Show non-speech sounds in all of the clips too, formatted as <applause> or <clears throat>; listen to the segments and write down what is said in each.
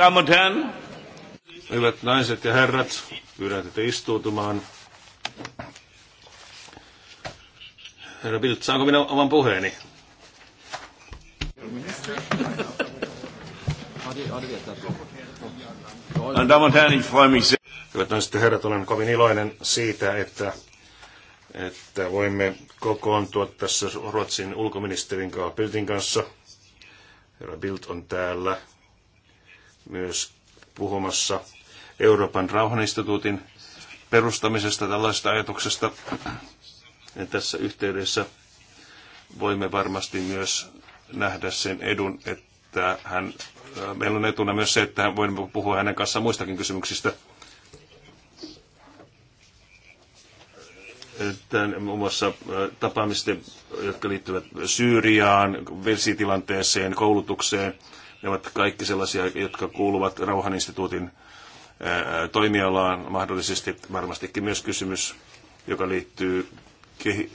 Damen hän, Hyvät naiset ja herrat, pyydän teitä istuutumaan. Herra Bilt, saanko minä oman puheeni? Hyvät naiset ja herrat, olen kovin iloinen siitä, että, että voimme kokoontua tässä Ruotsin ulkoministerin Carl kanssa. Herra Bildt on täällä myös puhumassa Euroopan rauhaninstituutin perustamisesta tällaisesta ajatuksesta. Ja tässä yhteydessä voimme varmasti myös nähdä sen edun, että hän, meillä on etuna myös se, että voimme puhua hänen kanssaan muistakin kysymyksistä. Tämän, muun muassa tapaamisten, jotka liittyvät Syyriaan, vesitilanteeseen, koulutukseen, ne ovat kaikki sellaisia, jotka kuuluvat Rauhaninstituutin toimialaan mahdollisesti varmastikin myös kysymys, joka liittyy kehi-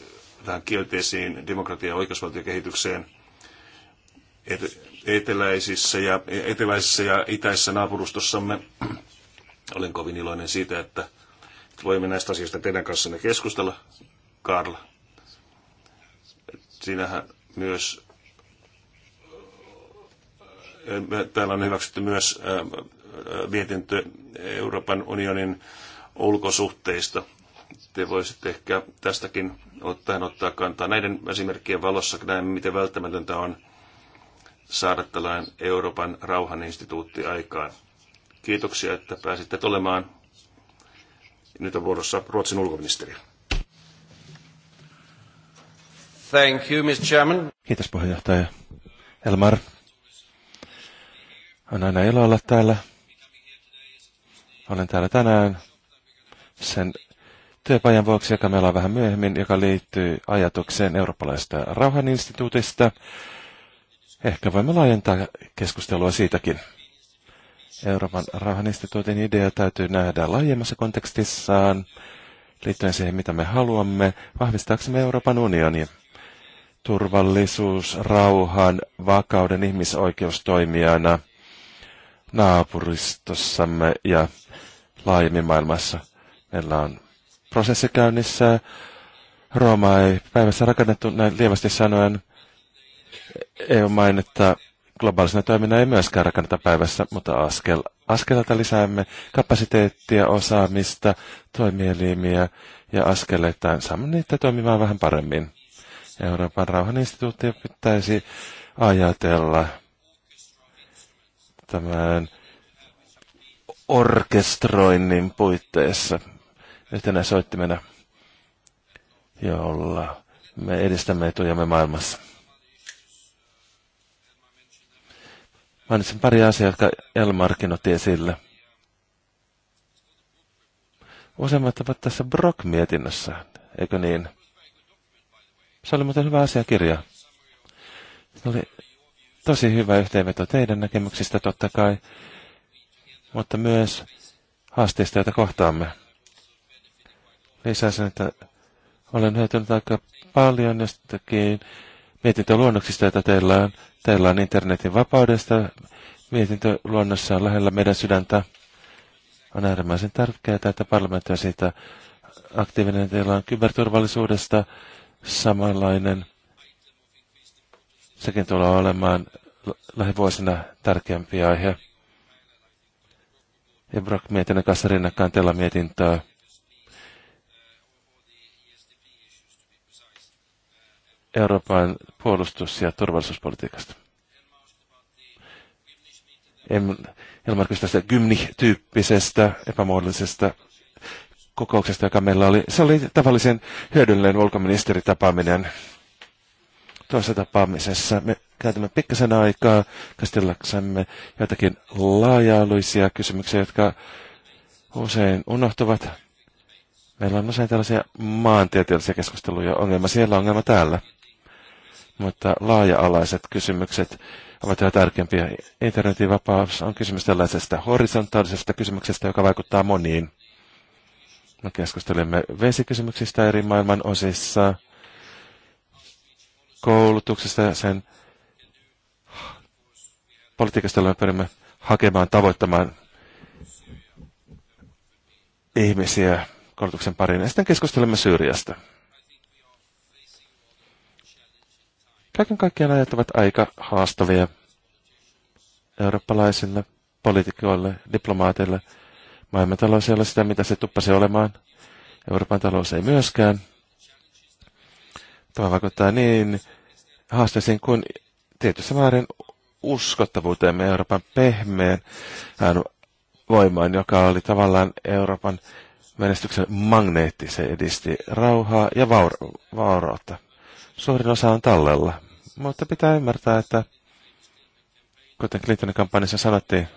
tähän kielteisiin demokratia- ja oikeusvaltiokehitykseen eteläisissä ja, eteläisissä ja itäisessä naapurustossamme. Olen kovin iloinen siitä, että voimme näistä asioista teidän kanssanne keskustella. Karl, sinähän myös Täällä on hyväksytty myös mietintö Euroopan unionin ulkosuhteista. Te voisitte ehkä tästäkin ottaen ottaa kantaa. Näiden esimerkkien valossa näemme, miten välttämätöntä on saada tällainen Euroopan rauhaninstituutti aikaan. Kiitoksia, että pääsitte tulemaan Nyt on vuorossa Ruotsin ulkoministeri. Thank you, Mr. Chairman. Kiitos puheenjohtaja. Elmar, on aina ilo olla täällä. Olen täällä tänään sen työpajan vuoksi, joka meillä on vähän myöhemmin, joka liittyy ajatukseen eurooppalaisesta rauhaninstituutista. Ehkä voimme laajentaa keskustelua siitäkin. Euroopan rauhaninstituutin idea täytyy nähdä laajemmassa kontekstissaan liittyen siihen, mitä me haluamme, vahvistaaksemme Euroopan unionin Turvallisuus, rauhan, vakauden ihmisoikeustoimijana – naapuristossamme ja laajemmin maailmassa. Meillä on prosessi käynnissä. Rooma ei päivässä rakennettu näin lievästi sanoen. EU-mainetta e globaalisena toimina ei myöskään rakenneta päivässä, mutta askel, askelta lisäämme kapasiteettia, osaamista, toimielimiä ja askeleita. saamme niitä toimimaan vähän paremmin. Euroopan rauhan pitäisi ajatella tämän orkestroinnin puitteissa yhtenä soittimena, jolla me edistämme etujamme maailmassa. Mainitsin pari asiaa, jotka Elmarkin otti esille. Useimmat ovat tässä Brock-mietinnössä, eikö niin? Se oli muuten hyvä asiakirja. Se oli tosi hyvä yhteenveto teidän näkemyksistä totta kai, mutta myös haasteista, joita kohtaamme. Lisäisin, että olen hyötynyt aika paljon jostakin mietintöluonnoksista, joita teillä on. Teillä on internetin vapaudesta. Mietintöluonnossa on lähellä meidän sydäntä. On äärimmäisen tärkeää, että parlamentti on siitä aktiivinen. Teillä on kyberturvallisuudesta samanlainen Sekin tulee olemaan lähivuosina tärkeämpi aihe. Ja Brock mietin kanssa rinnakkain tällä mietintöä. Euroopan puolustus- ja turvallisuuspolitiikasta. En, kysyi tästä Gymni-tyyppisestä epämuodollisesta kokouksesta, joka meillä oli. Se oli tavallisen hyödyllinen ulkoministeritapaaminen tuossa tapaamisessa. Me käytämme pikkasen aikaa käsitelläksemme jotakin laaja-aluisia kysymyksiä, jotka usein unohtuvat. Meillä on usein tällaisia maantieteellisiä keskusteluja, ongelma siellä, ongelma täällä. Mutta laaja-alaiset kysymykset ovat jo tärkeimpiä. Internetin vapaus on kysymys tällaisesta horisontaalisesta kysymyksestä, joka vaikuttaa moniin. Me keskustelemme vesikysymyksistä eri maailman osissa koulutuksesta ja sen politiikasta, jolla me pyrimme hakemaan, tavoittamaan ihmisiä koulutuksen pariin. Ja sitten keskustelemme Syyriasta. Kaiken kaikkiaan ajat ovat aika haastavia eurooppalaisille poliitikoille, diplomaateille. Maailmantalous ei ole sitä, mitä se tuppasi olemaan. Euroopan talous ei myöskään. Tämä vaikuttaa niin haasteisiin kuin tietyssä määrin uskottavuuteen Euroopan pehmeän voimaan, joka oli tavallaan Euroopan menestyksen magneetti. Se edisti rauhaa ja vaur- vaurautta. Suurin osa on tallella, mutta pitää ymmärtää, että kuten Clintonin kampanjassa sanottiin,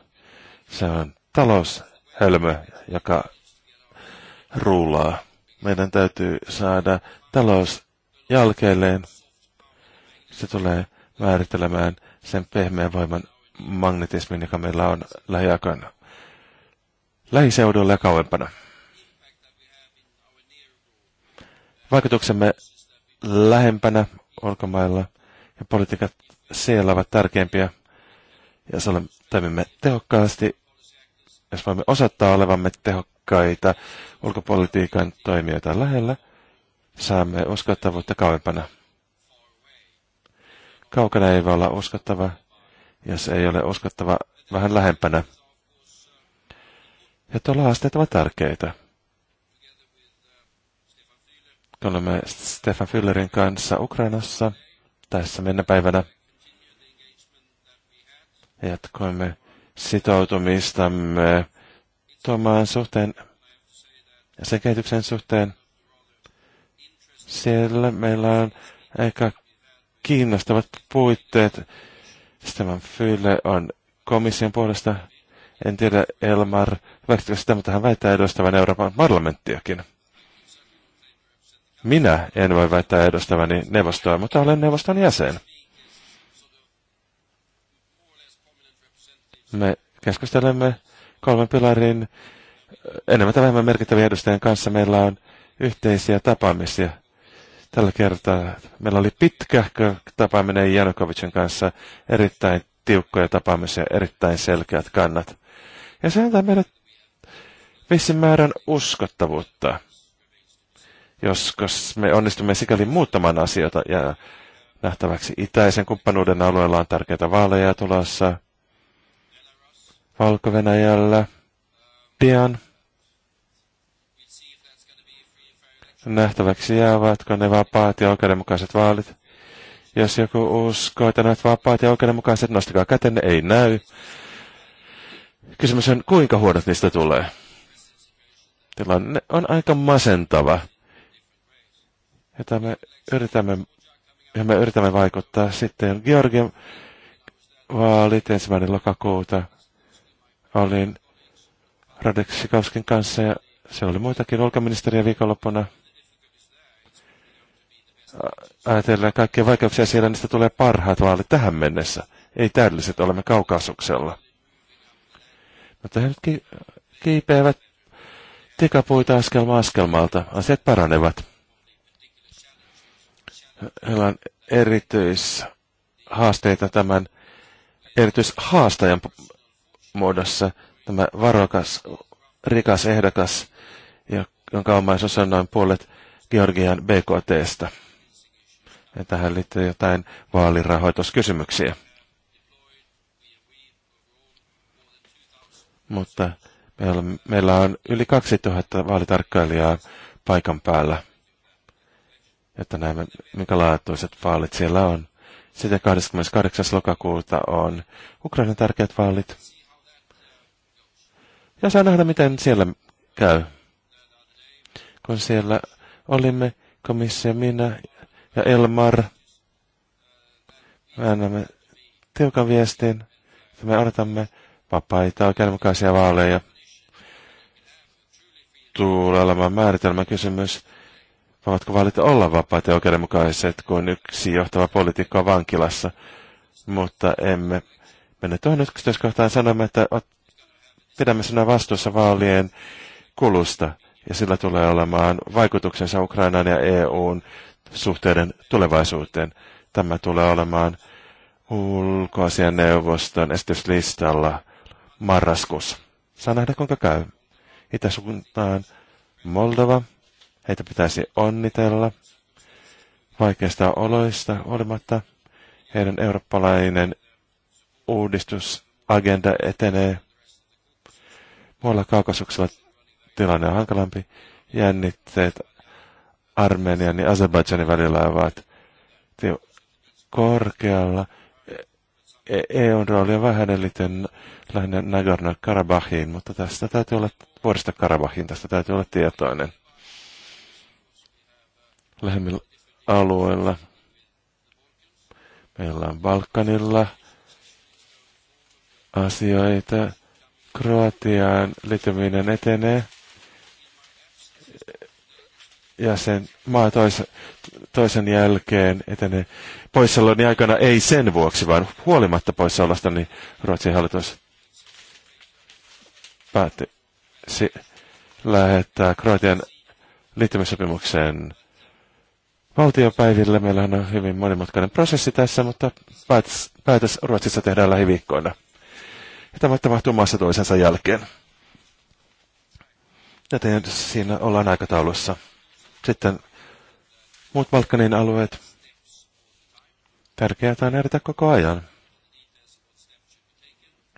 se on taloushölmö, joka ruulaa. Meidän täytyy saada talous jalkeilleen. Se tulee määrittelemään sen pehmeän voiman magnetismin, joka meillä on lähiaikana lähiseudulla ja kauempana. Vaikutuksemme lähempänä ulkomailla ja politiikat siellä ovat tärkeimpiä, ja toimimme tehokkaasti, jos voimme osoittaa olevamme tehokkaita ulkopolitiikan toimijoita lähellä, saamme uskottavuutta kauempana. Kaukana ei voi olla uskottava, jos ei ole uskottava vähän lähempänä. Ja tuolla haasteet ovat tärkeitä. Kun Olemme Stefan Füllerin kanssa Ukrainassa tässä mennä päivänä. Jatkoimme sitoutumistamme tuomaan suhteen ja sen kehityksen suhteen, siellä meillä on aika kiinnostavat puitteet. Stefan Fylle on komission puolesta. En tiedä, Elmar, väittäkö sitä, mutta hän väittää edustavan Euroopan parlamenttiakin. Minä en voi väittää edustavani neuvostoa, mutta olen neuvoston jäsen. Me keskustelemme kolmen pilarin enemmän tai vähemmän merkittävien edustajien kanssa. Meillä on yhteisiä tapaamisia. Tällä kertaa meillä oli pitkä tapaaminen Janukovicin kanssa, erittäin tiukkoja tapaamisia, erittäin selkeät kannat. Ja se antaa meille vissin määrän uskottavuutta, joskus me onnistumme sikäli muuttamaan asioita ja nähtäväksi itäisen kumppanuuden alueella on tärkeitä vaaleja tulossa. Valko-Venäjällä, pian. Nähtäväksi jäävätkö ne vapaat ja oikeudenmukaiset vaalit. Jos joku uskoo, että ne ovat vapaat ja oikeudenmukaiset, nostakaa kätenne, ei näy. Kysymys on, kuinka huonot niistä tulee? Tilanne on aika masentava. Ja me yritämme, ja me yritämme vaikuttaa sitten Georgian vaalit ensimmäinen lokakuuta. Olin Radek Sikovskin kanssa ja se oli muitakin ulkoministeriä viikonloppuna ajatellaan kaikkia vaikeuksia siellä, niistä tulee parhaat vaalit tähän mennessä. Ei täydelliset, olemme kaukasuksella. Mutta no, he nyt ki- kiipeävät tikapuita askelma askelmalta. Asiat paranevat. Heillä on erityishaasteita tämän erityishaastajan muodossa. Tämä varokas, rikas ehdokas, jonka omaisuus on noin puolet Georgian BKTstä. Ja tähän liittyy jotain vaalirahoituskysymyksiä. Mutta meillä, on yli 2000 vaalitarkkailijaa paikan päällä, että näemme, laatuiset vaalit siellä on. Sitten 28. lokakuuta on Ukrainan tärkeät vaalit. Ja saa nähdä, miten siellä käy. Kun siellä olimme, komissio, minä ja Elmar. Me annamme tiukan viestin, että me odotamme vapaita oikeudenmukaisia vaaleja. Tulee olemaan määritelmä kysymys, voivatko vaalit olla vapaita ja oikeudenmukaiset, kun yksi johtava poliitikko on vankilassa. Mutta emme mene tuohon yksityiskohtaan sanomme, että pidämme sinä vastuussa vaalien kulusta, ja sillä tulee olemaan vaikutuksensa Ukrainaan ja EUn suhteiden tulevaisuuteen. Tämä tulee olemaan neuvoston esityslistalla marraskuussa. Saa nähdä kuinka käy. Itäsuuntaan Moldova. Heitä pitäisi onnitella vaikeista oloista olematta. Heidän eurooppalainen uudistusagenda etenee. Muualla kaukasuksella tilanne on hankalampi. Jännitteet Armenian ja Azerbaidžanin välillä ovat korkealla. EUn e-, e rooli on vähän eniten lähinnä Nagorno-Karabahiin, mutta tästä täytyy olla, vuodesta Karabahiin, tästä täytyy olla tietoinen. Lähemmillä alueilla. Meillä on Balkanilla asioita. Kroatiaan liittyminen etenee ja sen maa tois, toisen jälkeen etenee poissaoloni aikana, ei sen vuoksi, vaan huolimatta poissaolosta, niin Ruotsin hallitus päätti si- lähettää Kroatian liittymissopimukseen valtiopäiville. Meillähän on hyvin monimutkainen prosessi tässä, mutta päätös, päätös Ruotsissa tehdään lähiviikkoina. Ja tämä tapahtuu maassa toisensa jälkeen. Joten siinä ollaan aikataulussa. Sitten muut Balkanin alueet. Tärkeää on edetä koko ajan.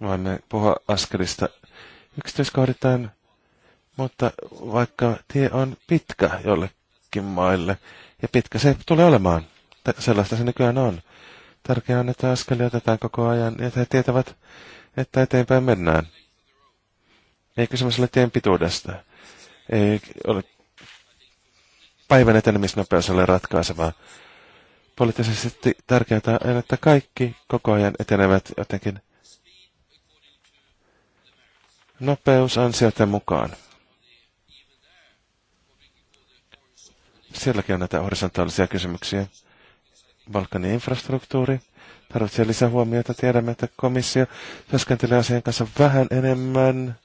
Voimme puhua askelista yksityiskohdittain, mutta vaikka tie on pitkä jollekin maille, ja pitkä se tulee olemaan, sellaista se nykyään on. Tärkeää on, että askelia otetaan koko ajan, ja he tietävät, että eteenpäin mennään. Ei kysymys ole tien pituudesta. Ei ole päivän etenemisnopeus ole ratkaisevaa. Poliittisesti tärkeää on, että kaikki koko ajan etenevät jotenkin nopeusansioiden mukaan. Sielläkin on näitä horisontaalisia kysymyksiä. Balkanin infrastruktuuri tarvitsee lisää huomiota. Tiedämme, että komissio työskentelee asian kanssa vähän enemmän,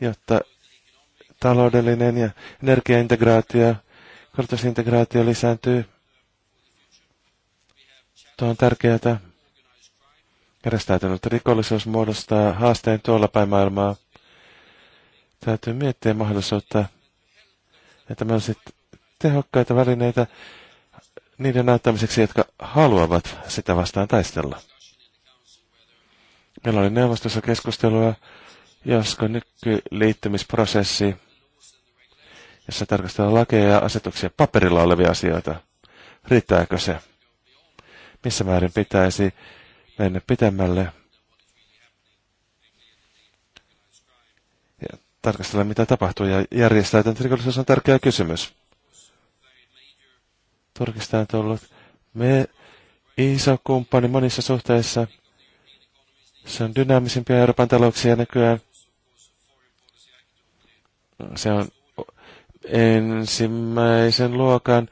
jotta taloudellinen ja energiaintegraatio Kulutusintegraatio lisääntyy. Tuo on tärkeää. Järjestäytynyt rikollisuus muodostaa haasteen tuolla päin maailmaa. Täytyy miettiä mahdollisuutta, että meillä olisi tehokkaita välineitä niiden näyttämiseksi, jotka haluavat sitä vastaan taistella. Meillä oli neuvostossa keskustelua, josko nykyliittymisprosessi jossa tarkastellaan lakeja ja asetuksia paperilla olevia asioita. Riittääkö se? Missä määrin pitäisi mennä pitemmälle? Ja tarkastella, mitä tapahtuu, ja järjestäytynyt rikollisuus on tärkeä kysymys. Turkista on tullut me iso kumppani monissa suhteissa. Se on dynaamisimpia Euroopan talouksia nykyään. Se on ensimmäisen luokan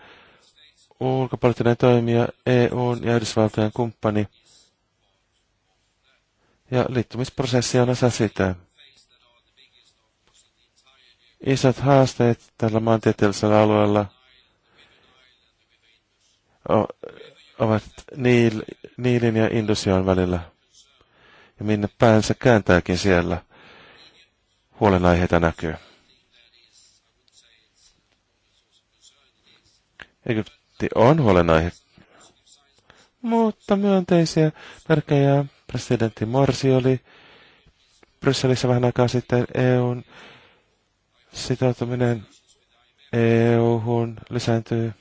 ulkopoliittinen toimija, EUn ja Yhdysvaltojen kumppani. Ja liittymisprosessi on osa sitä. Isot haasteet tällä maantieteellisellä alueella ovat Niil, Niilin ja Indusjoen välillä. Ja minne päänsä kääntääkin siellä. Huolenaiheita näkyy. Egypti on huolenaihe, mutta myönteisiä merkkejä presidentti Morsi oli Brysselissä vähän aikaa sitten EUn sitoutuminen EU-hun lisääntyy.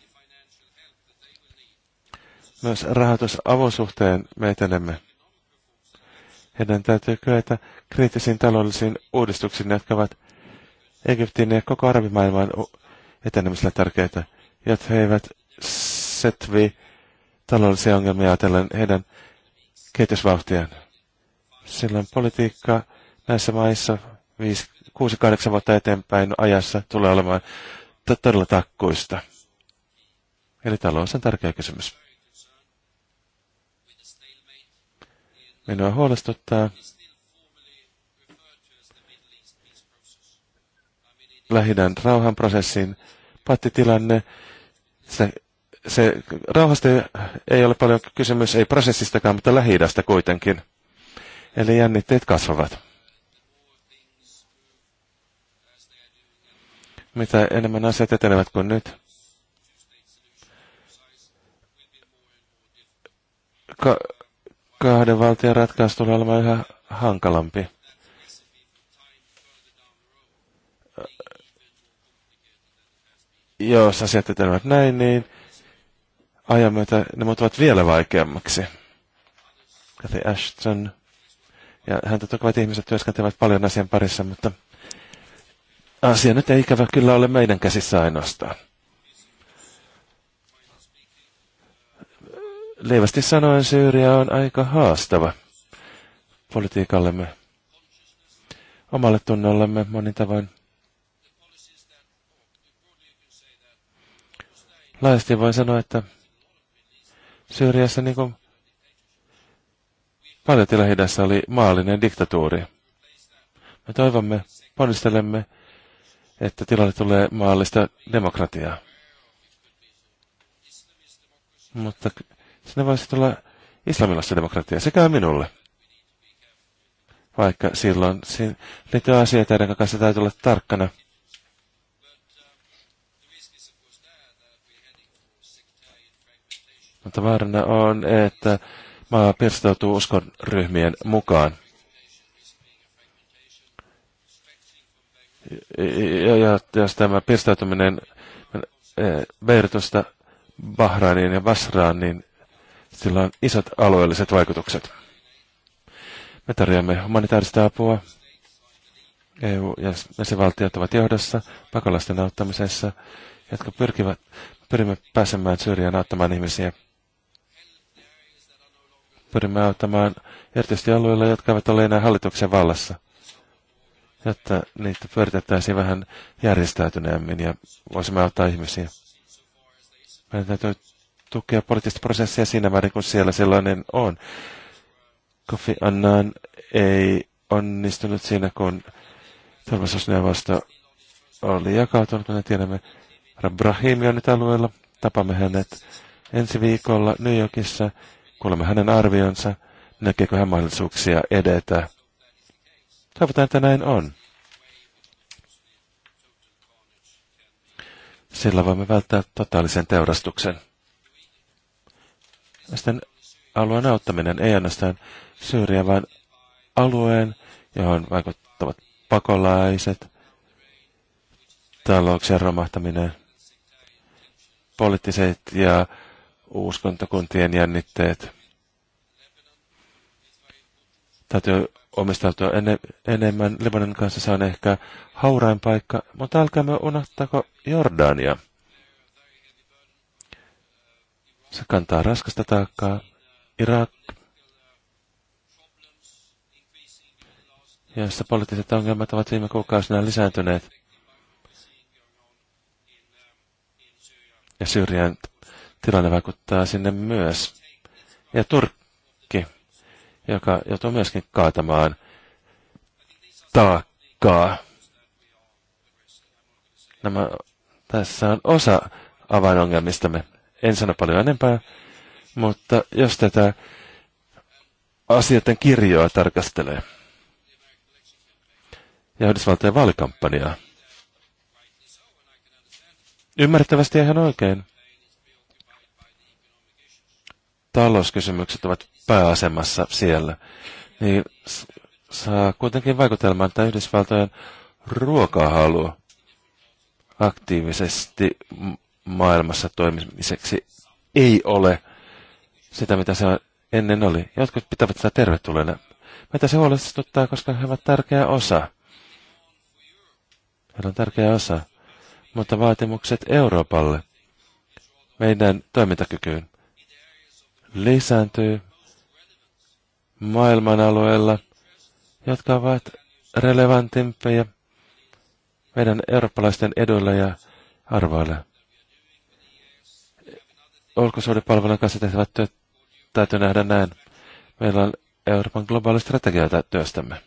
Myös rahoitusavun suhteen me etenemme. Heidän täytyy kyetä kriittisiin taloudellisiin uudistuksiin, jotka ovat Egyptin ja koko arabimaailman etenemisellä tärkeitä jotta he eivät setvi taloudellisia ongelmia ajatellen heidän kehitysvauhtiaan. Silloin politiikka näissä maissa 6-8 vuotta eteenpäin ajassa tulee olemaan todella takkuista. Eli talous on tärkeä kysymys. Minua huolestuttaa lähidän rauhanprosessin pattitilanne. Se, se rauhasta ei ole paljon kysymys, ei prosessistakaan, mutta lähi kuitenkin. Eli jännitteet kasvavat. Mitä enemmän asiat etenevät kuin nyt, ka- kahden valtion ratkaisu tulee olemaan yhä hankalampi. jos asiat etenevät näin, niin ajan myötä ne muuttuvat vielä vaikeammaksi. Kathy Ashton ja häntä että ihmiset työskentelevät paljon asian parissa, mutta asia nyt ei ikävä kyllä ole meidän käsissä ainoastaan. Leivästi sanoen Syyria on aika haastava politiikallemme, omalle tunnollemme monin tavoin – laajasti voin sanoa, että Syyriassa niin kuin paljon tilahidässä oli maallinen diktatuuri. Me toivomme, ponnistelemme, että tilalle tulee maallista demokratiaa. Mutta sinne voisi tulla islamilaista demokratiaa, sekä minulle. Vaikka silloin liittyy asioita, joiden kanssa täytyy olla tarkkana – Mutta vaarana on, että maa uskon ryhmien mukaan. Ja, ja jos tämä pirstautuminen eh, Beirutista Bahrainiin ja Basraan, niin sillä on isot alueelliset vaikutukset. Me tarjoamme humanitaarista apua. EU- ja jäsenvaltiot ovat johdossa pakolaisten auttamisessa, jotka pyrkivät, pyrimme pääsemään syrjään auttamaan ihmisiä pyrimme auttamaan erityisesti alueilla, jotka eivät ole enää hallituksen vallassa, jotta niitä pyöritettäisiin vähän järjestäytyneemmin ja voisimme auttaa ihmisiä. Meidän täytyy tukea poliittista prosessia siinä määrin, kun siellä sellainen on. Kofi Annan ei onnistunut siinä, kun turvallisuusneuvosto oli jakautunut, kun ne tiedämme. Rabrahimi on nyt alueella. Tapamme hänet ensi viikolla New Yorkissa Kuulemme hänen arvionsa, näkeekö hän mahdollisuuksia edetä. Toivotaan, että näin on. Sillä voimme välttää totaalisen teurastuksen. Sitten alueen auttaminen ei ainoastaan Syyriä, vaan alueen, johon vaikuttavat pakolaiset, talouksien romahtaminen, poliittiset ja uskontokuntien jännitteet. Täytyy omistautua enne, enemmän. Libanon kanssa se on ehkä haurain paikka, mutta älkäämme unohtako Jordania. Se kantaa raskasta taakkaa. Irak, jossa poliittiset ongelmat ovat viime kuukausina lisääntyneet. Ja Syyrian tilanne vaikuttaa sinne myös. Ja Turkki, joka joutuu myöskin kaatamaan taakkaa. Nämä, tässä on osa avainongelmistamme. En sano paljon enempää, mutta jos tätä asioiden kirjoa tarkastelee ja Yhdysvaltojen vaalikampanjaa, ymmärrettävästi ihan oikein talouskysymykset ovat pääasemassa siellä, niin saa kuitenkin vaikutelmaa, että Yhdysvaltojen ruokahalu aktiivisesti maailmassa toimimiseksi ei ole sitä, mitä se ennen oli. Jotkut pitävät sitä tervetulleena. Meitä se huolestuttaa, koska he ovat tärkeä osa. Heillä on tärkeä osa. Mutta vaatimukset Euroopalle, meidän toimintakykyyn, lisääntyy maailman alueella, jotka ovat relevantimpia meidän eurooppalaisten eduilla ja arvoilla. Ulkosuudepalvelun kanssa tehtävät työt täytyy nähdä näin. Meillä on Euroopan globaali strategia työstämme.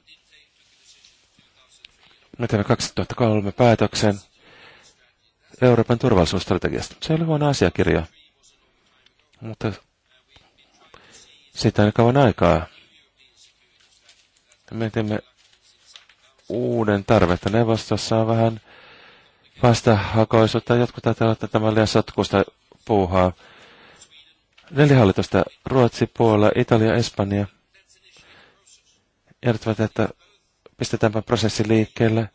Me teemme 2003 päätöksen Euroopan turvallisuusstrategiasta. Se oli huono asiakirja, mutta siitä on kauan aikaa. Me teemme uuden tarvetta. Neuvostossa on vähän vastahakoisuutta. Jotkut ajattelevat, että tämä on liian sotkuista puuhaa. Neljä hallitusta, Ruotsi, Puola, Italia, Espanja, Järjestävät, että pistetäänpä prosessi liikkeelle,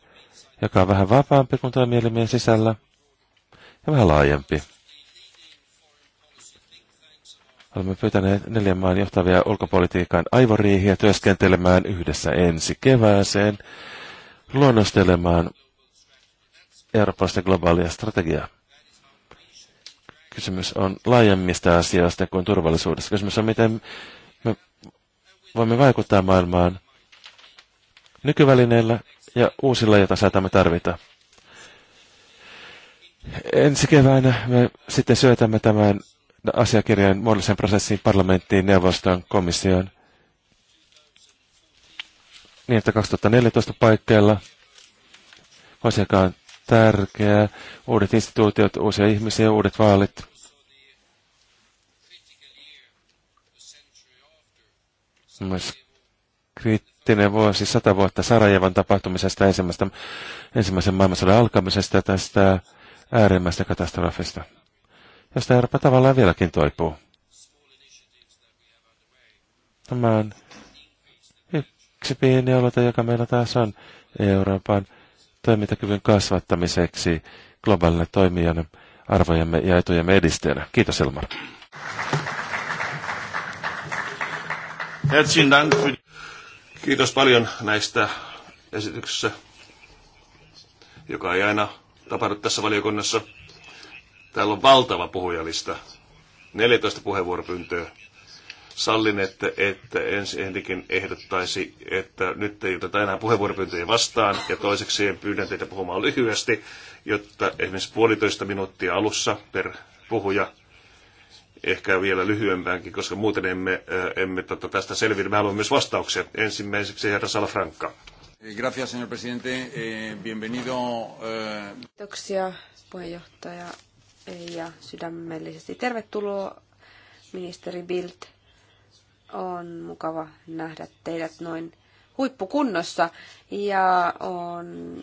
joka on vähän vapaampi kuin toimielimien sisällä ja vähän laajempi. Olemme pyytäneet neljän maan johtavia ulkopolitiikan aivoriihiä työskentelemään yhdessä ensi kevääseen, luonnostelemaan eurooppalaista globaalia strategiaa. Kysymys on laajemmista asioista kuin turvallisuudesta. Kysymys on, miten me voimme vaikuttaa maailmaan nykyvälineillä ja uusilla, joita saatamme tarvita. Ensi keväänä me sitten syötämme tämän No, asiakirjojen muodolliseen prosessiin parlamenttiin, neuvostoon, komissioon. Niin, että 2014 paikkeilla asiakkaan tärkeää. Uudet instituutiot, uusia ihmisiä, uudet vaalit. Myös kriittinen vuosi, sata vuotta Sarajevan tapahtumisesta, ensimmäisen maailmansodan alkamisesta tästä äärimmäistä katastrofista josta Eurooppa tavallaan vieläkin toipuu. Tämä on yksi pieni aloite, joka meillä taas on Euroopan toimintakyvyn kasvattamiseksi globaalina toimijana, arvojemme ja etujemme edistäjänä. Kiitos Elmar. Kiitos paljon näistä esityksistä, joka ei aina tapahdu tässä valiokunnassa. Täällä on valtava puhujalista. 14 puheenvuoropyyntöä. Sallin, että, että ehdikin ehdottaisi, että nyt ei oteta enää puheenvuoropyyntöjä vastaan. Ja toiseksi pyydän teitä puhumaan lyhyesti, jotta esimerkiksi puolitoista minuuttia alussa per puhuja ehkä vielä lyhyempäänkin, koska muuten emme, eh, emme tota, tästä selviä. Me haluamme myös vastauksia. Ensimmäiseksi herra Salafranca. Gracias, señor presidente. Eh, bienvenido. Eh. Kiitoksia, puheenjohtaja ja sydämellisesti tervetuloa ministeri Bildt. On mukava nähdä teidät noin huippukunnossa ja on,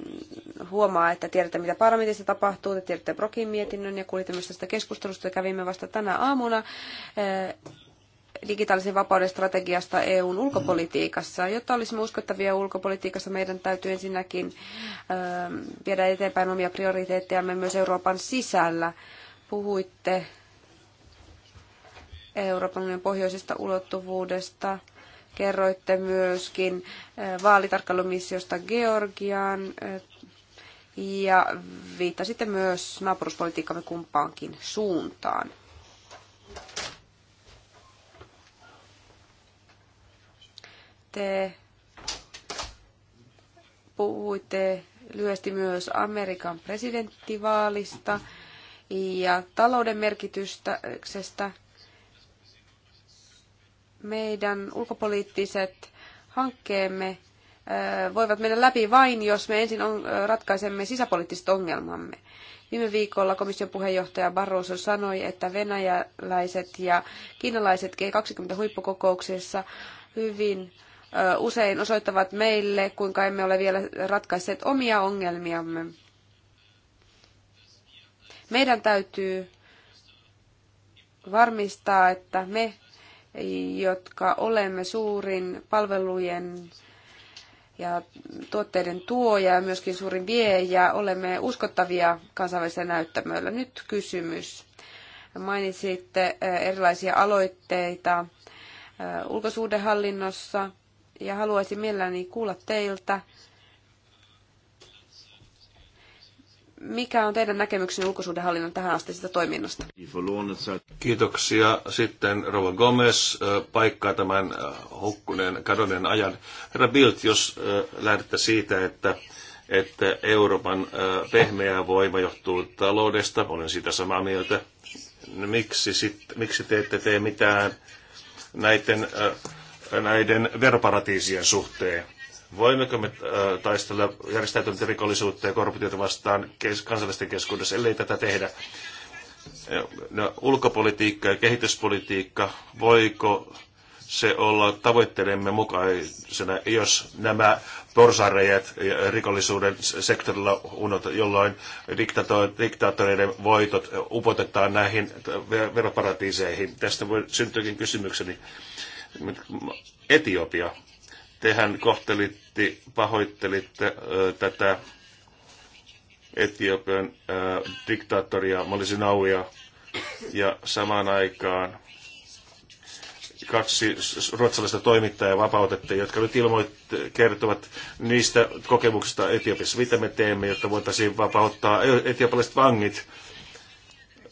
huomaa, että tiedätte mitä parlamentissa tapahtuu, te tiedätte Brokin mietinnön ja kuulitte myös tästä keskustelusta, jota kävimme vasta tänä aamuna eh, digitaalisen vapauden strategiasta EUn ulkopolitiikassa. Jotta olisimme uskottavia ulkopolitiikassa, meidän täytyy ensinnäkin eh, viedä eteenpäin omia prioriteettejamme myös Euroopan sisällä puhuitte Euroopan unionin pohjoisesta ulottuvuudesta. Kerroitte myöskin eh, vaalitarkkailumissiosta Georgiaan eh, ja viittasitte myös naapuruspolitiikkamme kumpaankin suuntaan. Te puhuitte lyhyesti myös Amerikan presidenttivaalista ja talouden merkityksestä. Meidän ulkopoliittiset hankkeemme voivat mennä läpi vain, jos me ensin ratkaisemme sisäpoliittiset ongelmamme. Viime viikolla komission puheenjohtaja Barroso sanoi, että venäläiset ja kiinalaiset G20-huippukokouksessa hyvin usein osoittavat meille, kuinka emme ole vielä ratkaisseet omia ongelmiamme. Meidän täytyy varmistaa, että me, jotka olemme suurin palvelujen ja tuotteiden tuoja ja myöskin suurin viejä, olemme uskottavia kansainvälisellä näyttämöllä. Nyt kysymys. Mainitsitte eh, erilaisia aloitteita eh, ulkosuudenhallinnossa ja haluaisin mielelläni kuulla teiltä, Mikä on teidän näkemyksenne ulkosuhdehallinnon tähän asti sitä toiminnasta? Kiitoksia. Sitten Rova Gomez paikkaa tämän hukkuneen, kadonneen ajan. Herra Bilt, jos lähdette siitä, että että Euroopan pehmeä voima johtuu taloudesta. Olen siitä samaa mieltä. miksi, sit, miksi te ette tee mitään näiden, näiden veroparatiisien suhteen? Voimmeko me äh, taistella järjestäytynyttä rikollisuutta ja korruptiota vastaan kes- keskuudessa, ellei tätä tehdä? No, ulkopolitiikka ja kehityspolitiikka, voiko se olla tavoitteidemme mukaisena, jos nämä porsareijät rikollisuuden sektorilla unot, jolloin diktaattoreiden voitot upotetaan näihin veroparatiiseihin. Tästä voi syntyäkin kysymykseni. Etiopia Tehän kohtelitti, pahoittelitte ö, tätä Etiopian ö, diktaattoria Molisinauja ja samaan aikaan kaksi ruotsalaista toimittajaa vapautettiin, jotka nyt ilmoit, kertovat niistä kokemuksista Etiopissa, mitä me teemme, jotta voitaisiin vapauttaa e-, etiopalaiset vangit,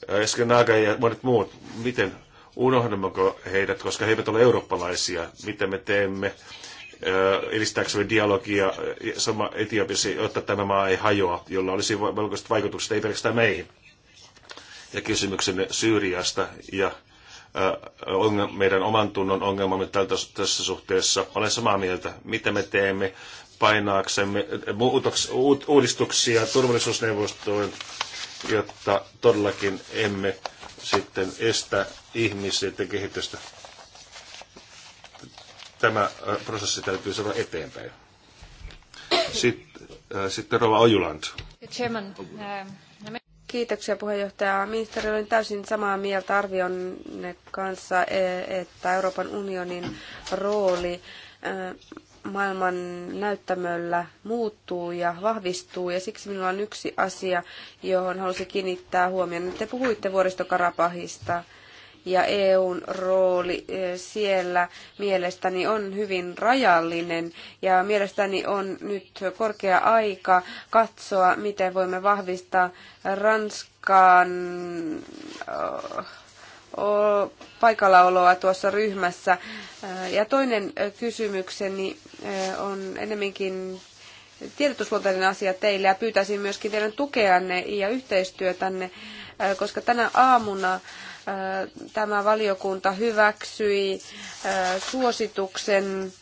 Esken Naga ja monet muut. Miten unohdammeko heidät, koska he eivät ole eurooppalaisia? Mitä me teemme edistääksemme dialogia sama Etiopiassa, jotta tämä maa ei hajoa, jolla olisi melkoiset vaikutukset ei pelkästään meihin. Ja kysymyksenne Syyriasta ja meidän oman tunnon ongelmamme tältä, tässä suhteessa. Olen samaa mieltä, mitä me teemme painaaksemme muutoks, uudistuksia turvallisuusneuvostoon, jotta todellakin emme sitten estä ihmisten kehitystä tämä äh, prosessi täytyy saada eteenpäin. Sitten, äh, sitten Rova Ojuland. Ähm, Kiitoksia puheenjohtaja. Ministeri, olen täysin samaa mieltä arvion kanssa, e, että Euroopan unionin rooli äh, maailman näyttämöllä muuttuu ja vahvistuu. Ja siksi minulla on yksi asia, johon halusin kiinnittää huomioon. Te puhuitte vuoristokarapahista ja EUn rooli eh, siellä mielestäni on hyvin rajallinen ja mielestäni on nyt korkea aika katsoa, miten voimme vahvistaa Ranskan eh, paikallaoloa tuossa ryhmässä. Eh, ja toinen kysymykseni on enemmänkin tiedotusluonteinen asia teille ja pyytäisin myöskin teidän tukeanne ja yhteistyötänne, koska tänä aamuna tämä valiokunta hyväksyi suosituksen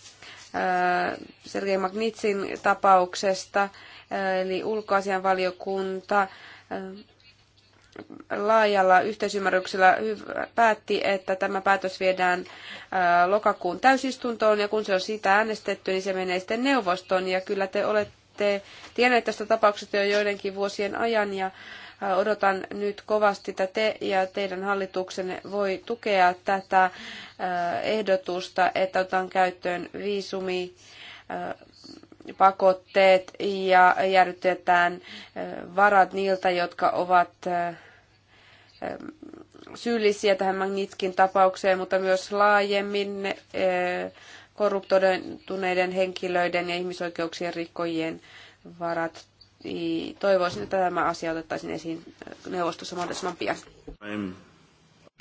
Sergei Magnitsin tapauksesta, eli ulkoasianvaliokunta laajalla yhteisymmärryksellä päätti, että tämä päätös viedään lokakuun täysistuntoon ja kun se on siitä äänestetty, niin se menee sitten neuvostoon ja kyllä te olette tienneet tästä tapauksesta jo joidenkin vuosien ajan ja Odotan nyt kovasti, että te ja teidän hallituksenne voi tukea tätä ehdotusta, että otan käyttöön viisumi pakotteet ja järjytetään varat niiltä, jotka ovat syyllisiä tähän Magnitskin tapaukseen, mutta myös laajemmin korruptoituneiden henkilöiden ja ihmisoikeuksien rikkojien varat toivoisin, että tämä asia otettaisiin esiin äh, neuvostossa mahdollisimman pian.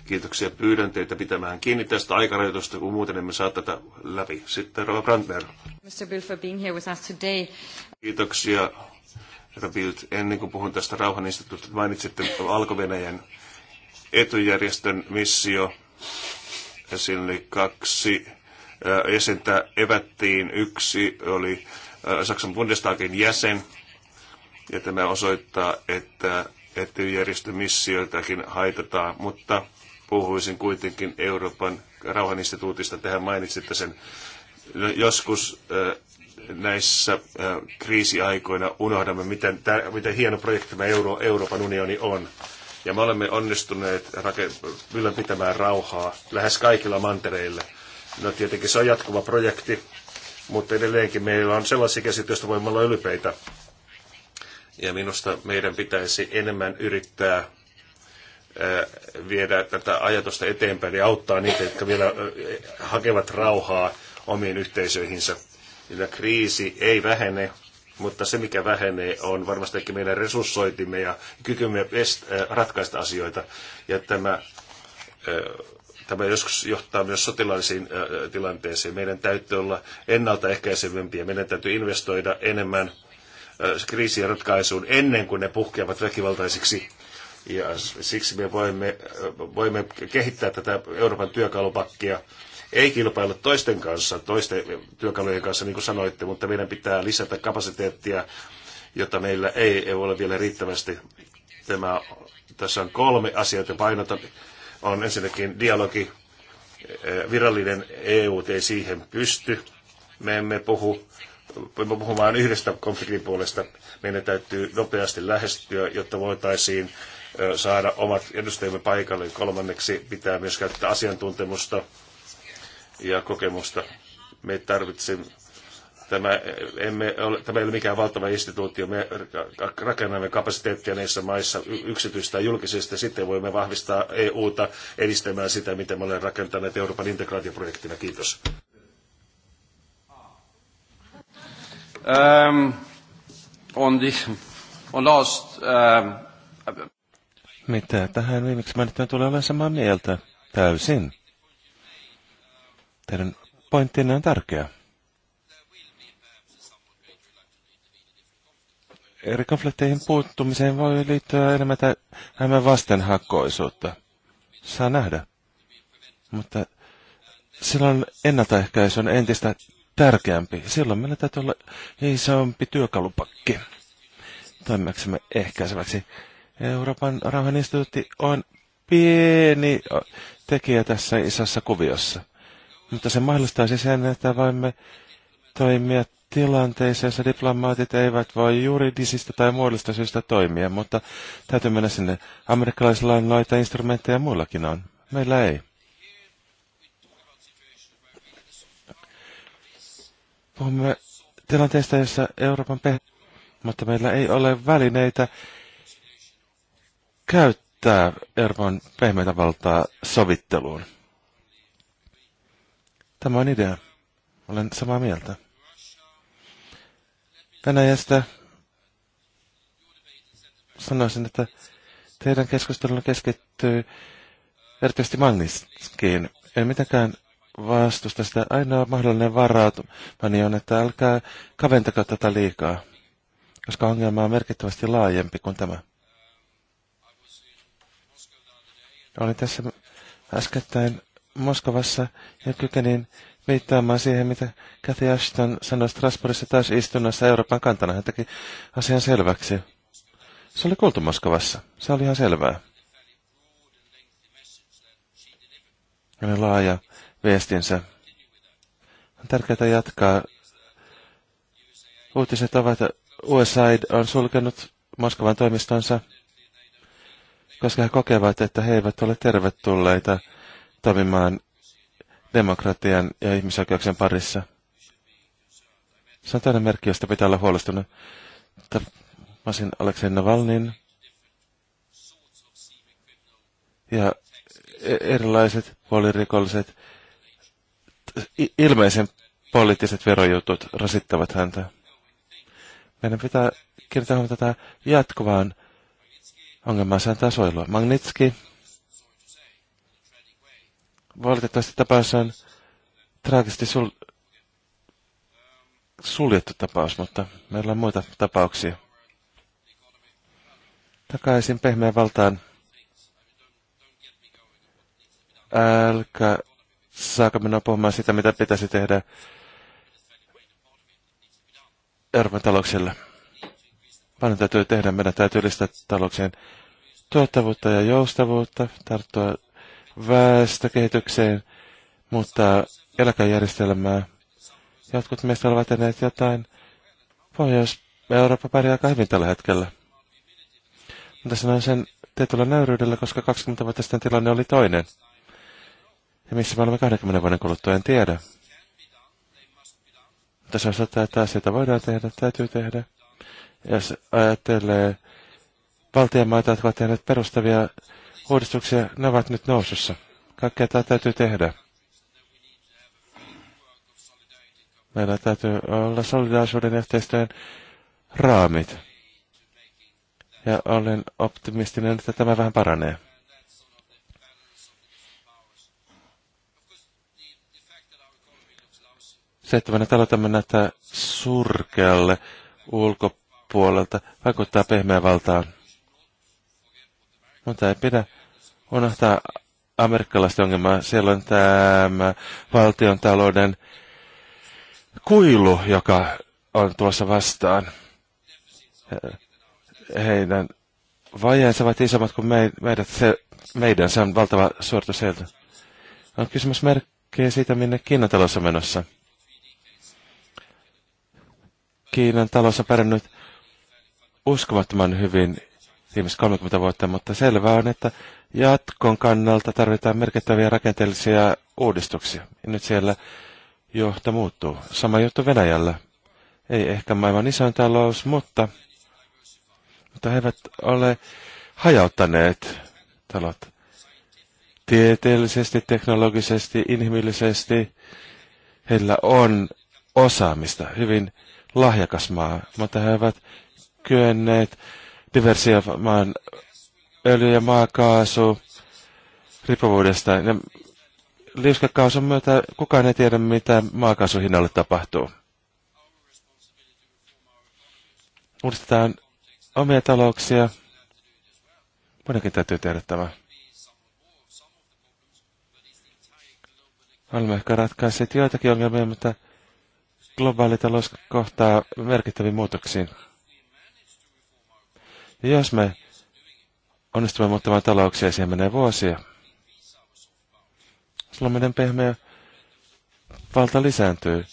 Kiitoksia. Pyydän teitä pitämään kiinni tästä aikarajoitusta, kun muuten emme saa tätä läpi. Sitten Rova Brandner. Mr. Bill for being here with us today. Kiitoksia, herra Bild. Ennen kuin puhun tästä rauhaninstituutista, mainitsitte alko etujärjestön missio. siinä oli kaksi äh, jäsentä evättiin. Yksi oli äh, Saksan Bundestagin jäsen, ja tämä osoittaa, että etyjärjestön haitataan, mutta puhuisin kuitenkin Euroopan rauhaninstituutista. Tähän mainitsitte sen. No, joskus näissä kriisiaikoina unohdamme, miten, miten hieno projekti tämä Euro, Euroopan unioni on. Ja me olemme onnistuneet rake- ylläpitämään rauhaa lähes kaikilla mantereilla. No tietenkin se on jatkuva projekti, mutta edelleenkin meillä on sellaisia käsitystä, joista voimme olla ylpeitä. Ja minusta meidän pitäisi enemmän yrittää viedä tätä ajatusta eteenpäin ja auttaa niitä, jotka vielä hakevat rauhaa omiin yhteisöihinsä. Ja kriisi ei vähene, mutta se mikä vähenee on varmastikin meidän resurssoitimme ja kykymme ratkaista asioita. Ja tämä, tämä joskus johtaa myös sotilaallisiin tilanteisiin. Meidän täytyy olla ennaltaehkäisevämpiä, meidän täytyy investoida enemmän – kriisien ratkaisuun ennen kuin ne puhkeavat väkivaltaisiksi. Ja siksi me voimme, voimme kehittää tätä Euroopan työkalupakkia. Ei kilpailla toisten kanssa, toisten työkalujen kanssa, niin kuin sanoitte, mutta meidän pitää lisätä kapasiteettia, jota meillä ei, ei ole vielä riittävästi. Tämä, tässä on kolme asiaa, joita painotan. On ensinnäkin dialogi, virallinen EU ei siihen pysty. Me emme puhu voimme puhumaan yhdestä konfliktin puolesta. Meidän täytyy nopeasti lähestyä, jotta voitaisiin saada omat edustajamme paikalle. Kolmanneksi pitää myös käyttää asiantuntemusta ja kokemusta. Me tarvitsemme Tämä, emme ole, tämä ei ole mikään valtava instituutio. Me rakennamme kapasiteettia näissä maissa yksityistä ja julkisesti. Sitten voimme vahvistaa EUta edistämään sitä, mitä me olemme rakentaneet Euroopan integraatioprojektina. Kiitos. Um, on the, on last, um, Mitä tähän viimeksi mainittuun tulee olemaan samaa mieltä? Täysin. Teidän pointtinne on tärkeä. Eri konflikteihin puuttumiseen voi liittyä enemmän, enemmän vastenhakkoisuutta Saa nähdä. Mutta silloin ennaltaehkäisy on entistä tärkeämpi. Silloin meillä täytyy olla isompi työkalupakki toimijaksemme ehkäiseväksi. Euroopan rauhaninstituutti on pieni tekijä tässä isossa kuviossa, mutta se mahdollistaisi sen, että voimme toimia tilanteissa, joissa diplomaatit eivät voi juridisista tai muodollista syystä toimia, mutta täytyy mennä sinne. Amerikkalaisilla on noita instrumentteja muillakin on. Meillä ei. Puhumme tilanteesta, jossa Euroopan pe... mutta meillä ei ole välineitä käyttää Euroopan pehmeitä valtaa sovitteluun. Tämä on idea. Olen samaa mieltä. Venäjästä sanoisin, että teidän keskustelunne keskittyy erityisesti Magnitskiin. En mitenkään vastusta sitä ainoa mahdollinen varautumani on, että älkää kaventako tätä liikaa, koska ongelma on merkittävästi laajempi kuin tämä. Olin tässä äskettäin Moskovassa ja kykenin viittaamaan siihen, mitä Cathy Ashton sanoi Strasbourgissa taas istunnossa Euroopan kantana. Hän teki asian selväksi. Se oli kuultu Moskovassa. Se oli ihan selvää. Ja laaja viestinsä. On tärkeää jatkaa. Uutiset ovat, että USA on sulkenut Moskovan toimistonsa, koska he kokevat, että he eivät ole tervetulleita toimimaan demokratian ja ihmisoikeuksien parissa. Se on toinen merkki, josta pitää olla huolestunut. Tapasin Aleksei Navalnin ja e- erilaiset puolirikolliset ilmeisen poliittiset verojutut rasittavat häntä. Meidän pitää kiinnittää huomiota tätä jatkuvaan ongelmaiseen tasoilua. Magnitski valitettavasti tapaus on traagisesti sul, suljettu tapaus, mutta meillä on muita tapauksia. Takaisin pehmeän valtaan. Älkää saako minä puhumaan sitä, mitä pitäisi tehdä Euroopan talouksille. Paljon täytyy tehdä. Meidän täytyy lisätä talouksien tuottavuutta ja joustavuutta, tarttua väestökehitykseen, mutta eläkejärjestelmää. Jotkut meistä ovat tehneet jotain. Pohjois-Eurooppa pärjää aika hyvin tällä hetkellä. Mutta sanoin sen tietyllä nöyryydellä, koska 20 vuotta sitten tilanne oli toinen. Ja missä me olemme 20 vuoden kuluttua, en tiedä. Mutta se osoittaa, että asioita voidaan tehdä, täytyy tehdä. Ja jos ajattelee valtionmaita, jotka ovat tehneet perustavia uudistuksia, ne ovat nyt nousussa. Kaikkea tämä täytyy tehdä. Meillä täytyy olla solidaarisuuden yhteistyön raamit. Ja olen optimistinen, että tämä vähän paranee. Se, että tämä aloitamme näitä surkealle ulkopuolelta, vaikuttaa pehmeä valtaan. Mutta ei pidä unohtaa amerikkalaista ongelmaa. Siellä on tämä valtion talouden kuilu, joka on tulossa vastaan. Heidän vajeensa ovat isommat kuin meidät. Se, meidän, se on valtava suoritus heiltä. On kysymys merkkejä siitä, minne Kiinan talous on menossa. Kiinan talous on pärjännyt uskomattoman hyvin viimeiset 30 vuotta, mutta selvää on, että jatkon kannalta tarvitaan merkittäviä rakenteellisia uudistuksia. Nyt siellä johto muuttuu. Sama juttu Venäjällä. Ei ehkä maailman isoin talous, mutta, mutta he eivät ole hajauttaneet talot. Tieteellisesti, teknologisesti, inhimillisesti heillä on osaamista, hyvin lahjakas maa, mutta he ovat kyenneet diversioimaan öljy- ja maakaasu riippuvuudesta. Ja liuskakaasun myötä kukaan ei tiedä, mitä maakaasuhinnalle tapahtuu. Uudistetaan omia talouksia. Monenkin täytyy tehdä tämä. Olemme ehkä ratkaisseet joitakin ongelmia, mutta globaali talous kohtaa merkittäviin muutoksiin. Ja jos me onnistumme muuttamaan talouksia, siihen menee vuosia. Silloin meidän pehmeä valta lisääntyy.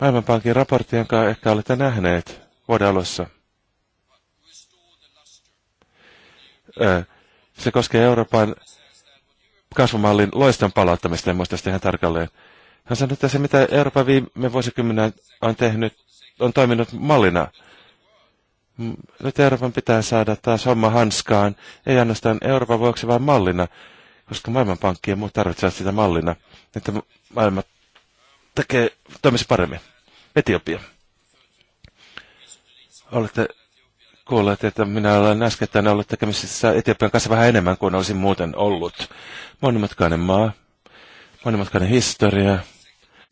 Maailmanpankin raportti, jonka ehkä olette nähneet vuoden alussa. Se koskee Euroopan kasvumallin loiston palauttamista, en muista sitä ihan tarkalleen. Hän sanoi, että se mitä Euroopan viime vuosikymmenen on tehnyt, on toiminut mallina. Nyt Euroopan pitää saada taas homma hanskaan, ei ainoastaan Euroopan vuoksi, vaan mallina, koska Maailmanpankki ja muut tarvitsevat sitä mallina, että maailma tekee, toimisi paremmin. Etiopia. Olette kuulleet, että minä olen äskettäin ollut tekemisissä Etiopian kanssa vähän enemmän kuin olisin muuten ollut. Monimutkainen maa, monimutkainen historia,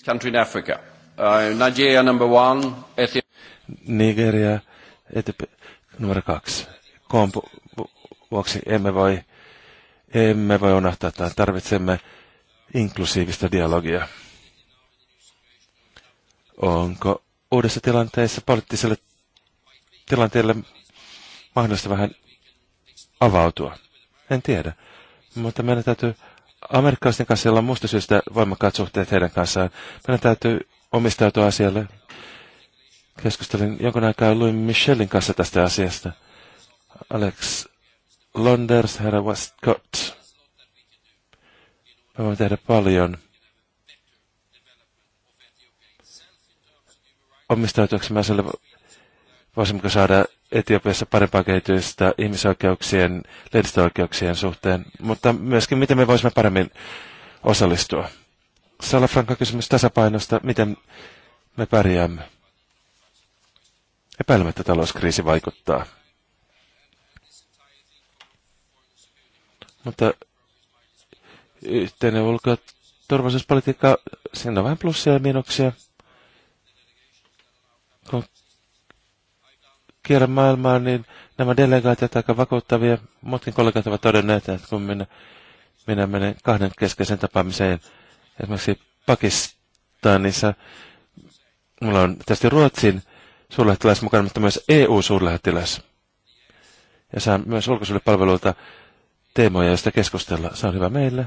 country in Africa. Uh, Nigeria number one, Ethiopia. Nigeria, Ethiopia numero kaksi. Koon vuoksi emme voi, emme voi unohtaa, että tarvitsemme inklusiivista dialogia. Onko uudessa tilanteessa poliittiselle tilanteelle mahdollista vähän avautua? En tiedä, mutta meidän täytyy Amerikkalaisten kanssa, joilla on muusta syystä voimakkaat suhteet heidän kanssaan, meidän täytyy omistautua asialle. Keskustelin jonkun aikaa luin Michellin kanssa tästä asiasta. Alex Londers, herra Westcott. Me voimme tehdä paljon. Omistautuaksemme asialle voisimmeko saada Etiopiassa parempaa kehitystä ihmisoikeuksien, lehdistöoikeuksien suhteen, mutta myöskin miten me voisimme paremmin osallistua. Salafranka kysymys tasapainosta, miten me pärjäämme. Epäilemättä talouskriisi vaikuttaa. Mutta yhteinen ulko- ja turvallisuuspolitiikka, siinä on vähän plussia ja miinuksia. kierrän maailmaa, niin nämä delegaatiot aika vakuuttavia. Muutkin kollegat ovat todenneet, että kun minä, minä menen kahden keskeisen tapaamiseen, esimerkiksi Pakistanissa, mulla on tietysti Ruotsin suurlähettiläs mukana, mutta myös EU-suurlähettiläs. Ja saan myös ulkosuudepalveluilta teemoja, joista keskustella. Se on hyvä meille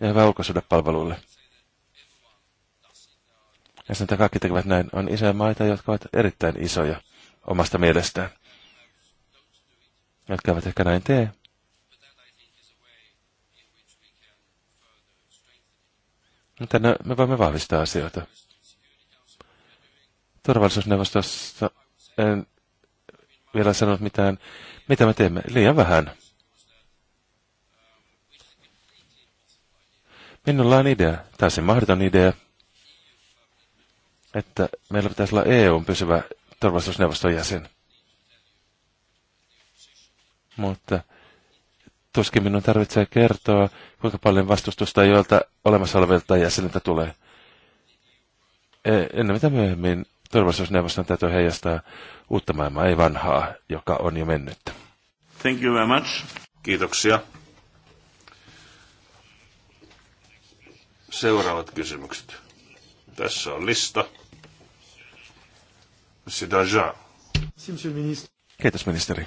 ja hyvä ulkosuudepalveluille. Ja sen kaikki tekevät näin. On isoja maita, jotka ovat erittäin isoja omasta mielestään. Jotka eivät ehkä näin tee. Mutta no, me voimme vahvistaa asioita. Turvallisuusneuvostossa en vielä sanonut mitään. Mitä me teemme? Liian vähän. Minulla on idea, täysin mahdoton idea, että meillä pitäisi olla EUn pysyvä turvallisuusneuvoston jäsen. Mutta tuskin minun tarvitsee kertoa, kuinka paljon vastustusta joilta olemassa olevilta jäseniltä tulee. E, ennen mitä myöhemmin turvallisuusneuvoston täytyy heijastaa uutta maailmaa, ei vanhaa, joka on jo mennyt. Thank you very much. Kiitoksia. Seuraavat kysymykset. Tässä on lista. Sidanjan. Kiitos ministeri.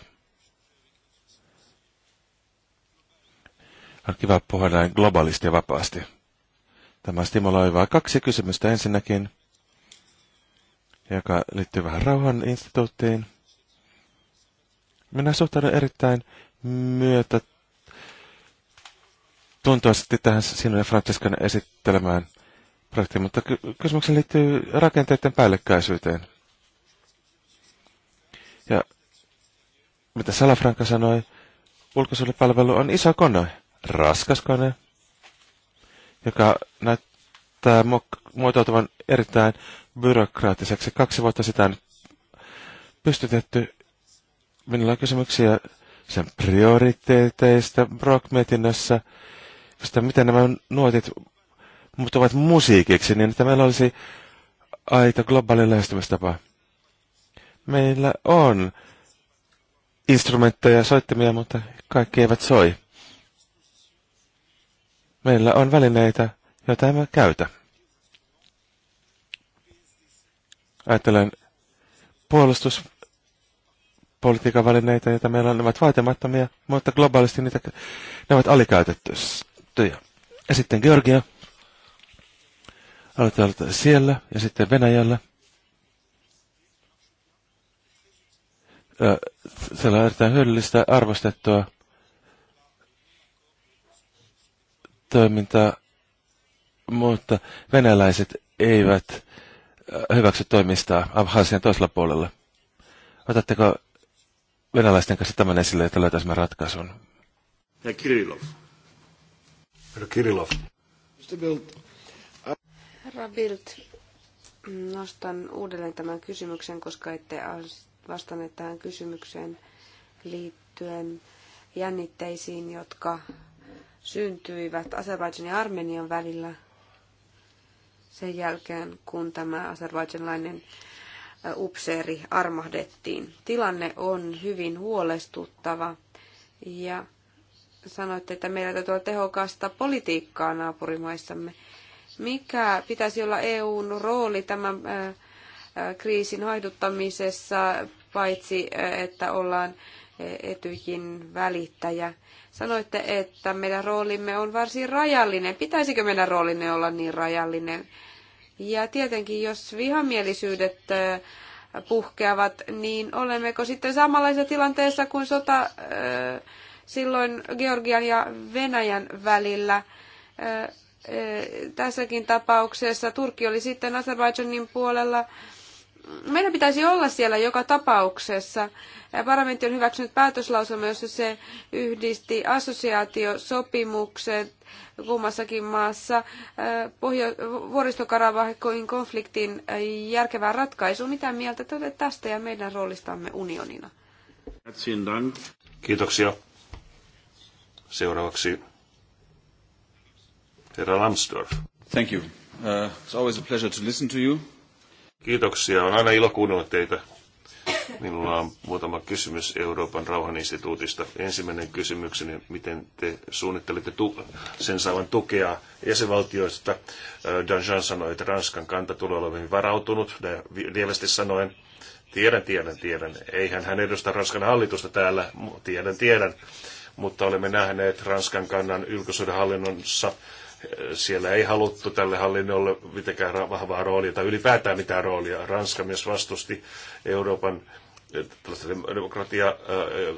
On kiva puhua näin globaalisti ja vapaasti. Tämä vain kaksi kysymystä ensinnäkin, joka liittyy vähän rauhan instituuttiin. Minä suhtaudun erittäin myötä tuntuisesti tähän sinun ja Franciscan esittelemään projektiin, mutta kysymykseen liittyy rakenteiden päällekkäisyyteen. Ja mitä Salafranka sanoi, ulkosuudepalvelu on iso kone, raskas kone, joka näyttää muotoutuvan erittäin byrokraattiseksi. Kaksi vuotta sitä on pystytetty. Minulla on kysymyksiä sen prioriteeteista Brock-mietinnössä, sitä miten nämä nuotit muuttuvat musiikiksi, niin että meillä olisi aito globaali lähestymistapa. Meillä on instrumentteja ja soittimia, mutta kaikki eivät soi. Meillä on välineitä, joita emme käytä. Ajattelen puolustuspolitiikan välineitä, joita meillä on, ne ovat vaatimattomia, mutta globaalisti niitä, ne ovat alikäytettyjä. Ja sitten Georgia. Aloitetaan siellä ja sitten Venäjällä. Sellaista erittäin hyödyllistä arvostettua toimintaa, mutta venäläiset eivät hyväksy toimistaa Abhaasian toisella puolella. Otatteko venäläisten kanssa tämän esille, että löytäisimme ratkaisun? Ja Kirillov. Herra Kirillov. Herra Bild, nostan uudelleen tämän kysymyksen, koska ette vastanneet tähän kysymykseen liittyen jännitteisiin, jotka syntyivät Azerbaidžan ja Armenian välillä sen jälkeen, kun tämä azerbaidžanlainen upseeri armahdettiin. Tilanne on hyvin huolestuttava ja sanoitte, että meillä täytyy olla tehokasta politiikkaa naapurimaissamme. Mikä pitäisi olla EUn rooli tämän Äh, kriisin haiduttamisessa, paitsi äh, että ollaan äh, etykin välittäjä. Sanoitte, että meidän roolimme on varsin rajallinen. Pitäisikö meidän roolimme olla niin rajallinen? Ja tietenkin, jos vihamielisyydet puhkeavat, niin olemmeko sitten samanlaisessa tilanteessa kuin sota silloin Georgian ja Venäjän välillä? Tässäkin tapauksessa Turkki oli sitten Azerbaidžanin puolella meidän pitäisi olla siellä joka tapauksessa. Parlamentti on hyväksynyt päätöslauselman, jossa se yhdisti assosiaatiosopimukset kummassakin maassa äh, Pohjo- vuoristokaravahin konfliktin äh, järkevään ratkaisuun. Mitä mieltä te tästä ja meidän roolistamme unionina? Kiitoksia. Seuraavaksi herra Lambsdorff. Thank you. Uh, it's always a pleasure to listen to you. Kiitoksia. On aina ilo kuunnella teitä. Minulla on muutama kysymys Euroopan rauhaninstituutista. Ensimmäinen kysymykseni, miten te suunnittelette tu- sen saavan tukea jäsenvaltioista? Danjan sanoi, että Ranskan kanta tulee olemaan varautunut, lievästi sanoen. Tiedän, tiedän, tiedän. Eihän hän edusta Ranskan hallitusta täällä, tiedän, tiedän. Mutta olemme nähneet Ranskan kannan ylkosuuden hallinnossa siellä ei haluttu tälle hallinnolle mitenkään vahvaa roolia tai ylipäätään mitään roolia. Ranska myös vastusti Euroopan eh, demokratia eh,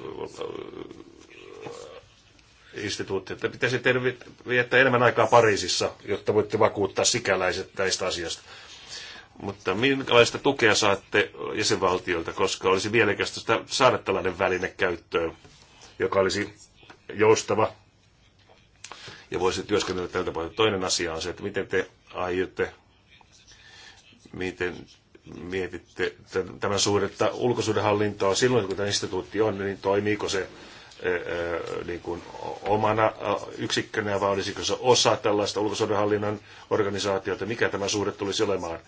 instituutti, että pitäisi teidän viettää enemmän aikaa Pariisissa, jotta voitte vakuuttaa sikäläiset näistä asiasta. Mutta minkälaista tukea saatte jäsenvaltioilta, koska olisi mielenkiintoista saada tällainen väline käyttöön, joka olisi joustava ja voisi työskennellä tältä pohjalta. Toinen asia on se, että miten te aiotte, miten mietitte tämän suhdetta ulkosuudenhallintoa silloin, kun tämä instituutti on, niin toimiiko se niin kuin omana yksikkönä vai olisiko se osa tällaista ulkosuudenhallinnan organisaatiota, mikä tämä suhde tulisi olemaan.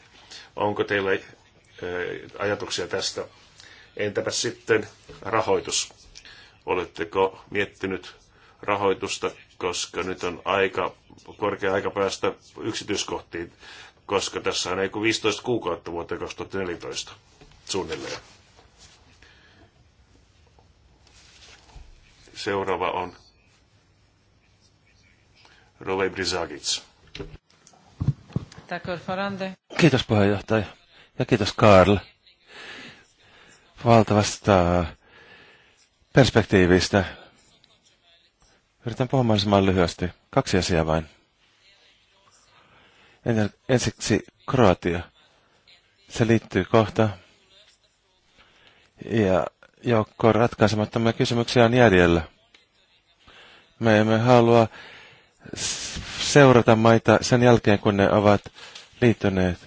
Onko teillä ajatuksia tästä? Entäpä sitten rahoitus? Oletteko miettinyt rahoitusta koska nyt on aika, korkea aika päästä yksityiskohtiin, koska tässä on ei 15 kuukautta vuoteen 2014 suunnilleen. Seuraava on Rove Brizagic. Kiitos puheenjohtaja ja kiitos Karl valtavasta perspektiivistä Yritän puhua mahdollisimman lyhyesti. Kaksi asiaa vain. Ensiksi Kroatia. Se liittyy kohta. Ja joukko ratkaisemattomia kysymyksiä on jäljellä. Me emme halua seurata maita sen jälkeen, kun ne ovat liittyneet.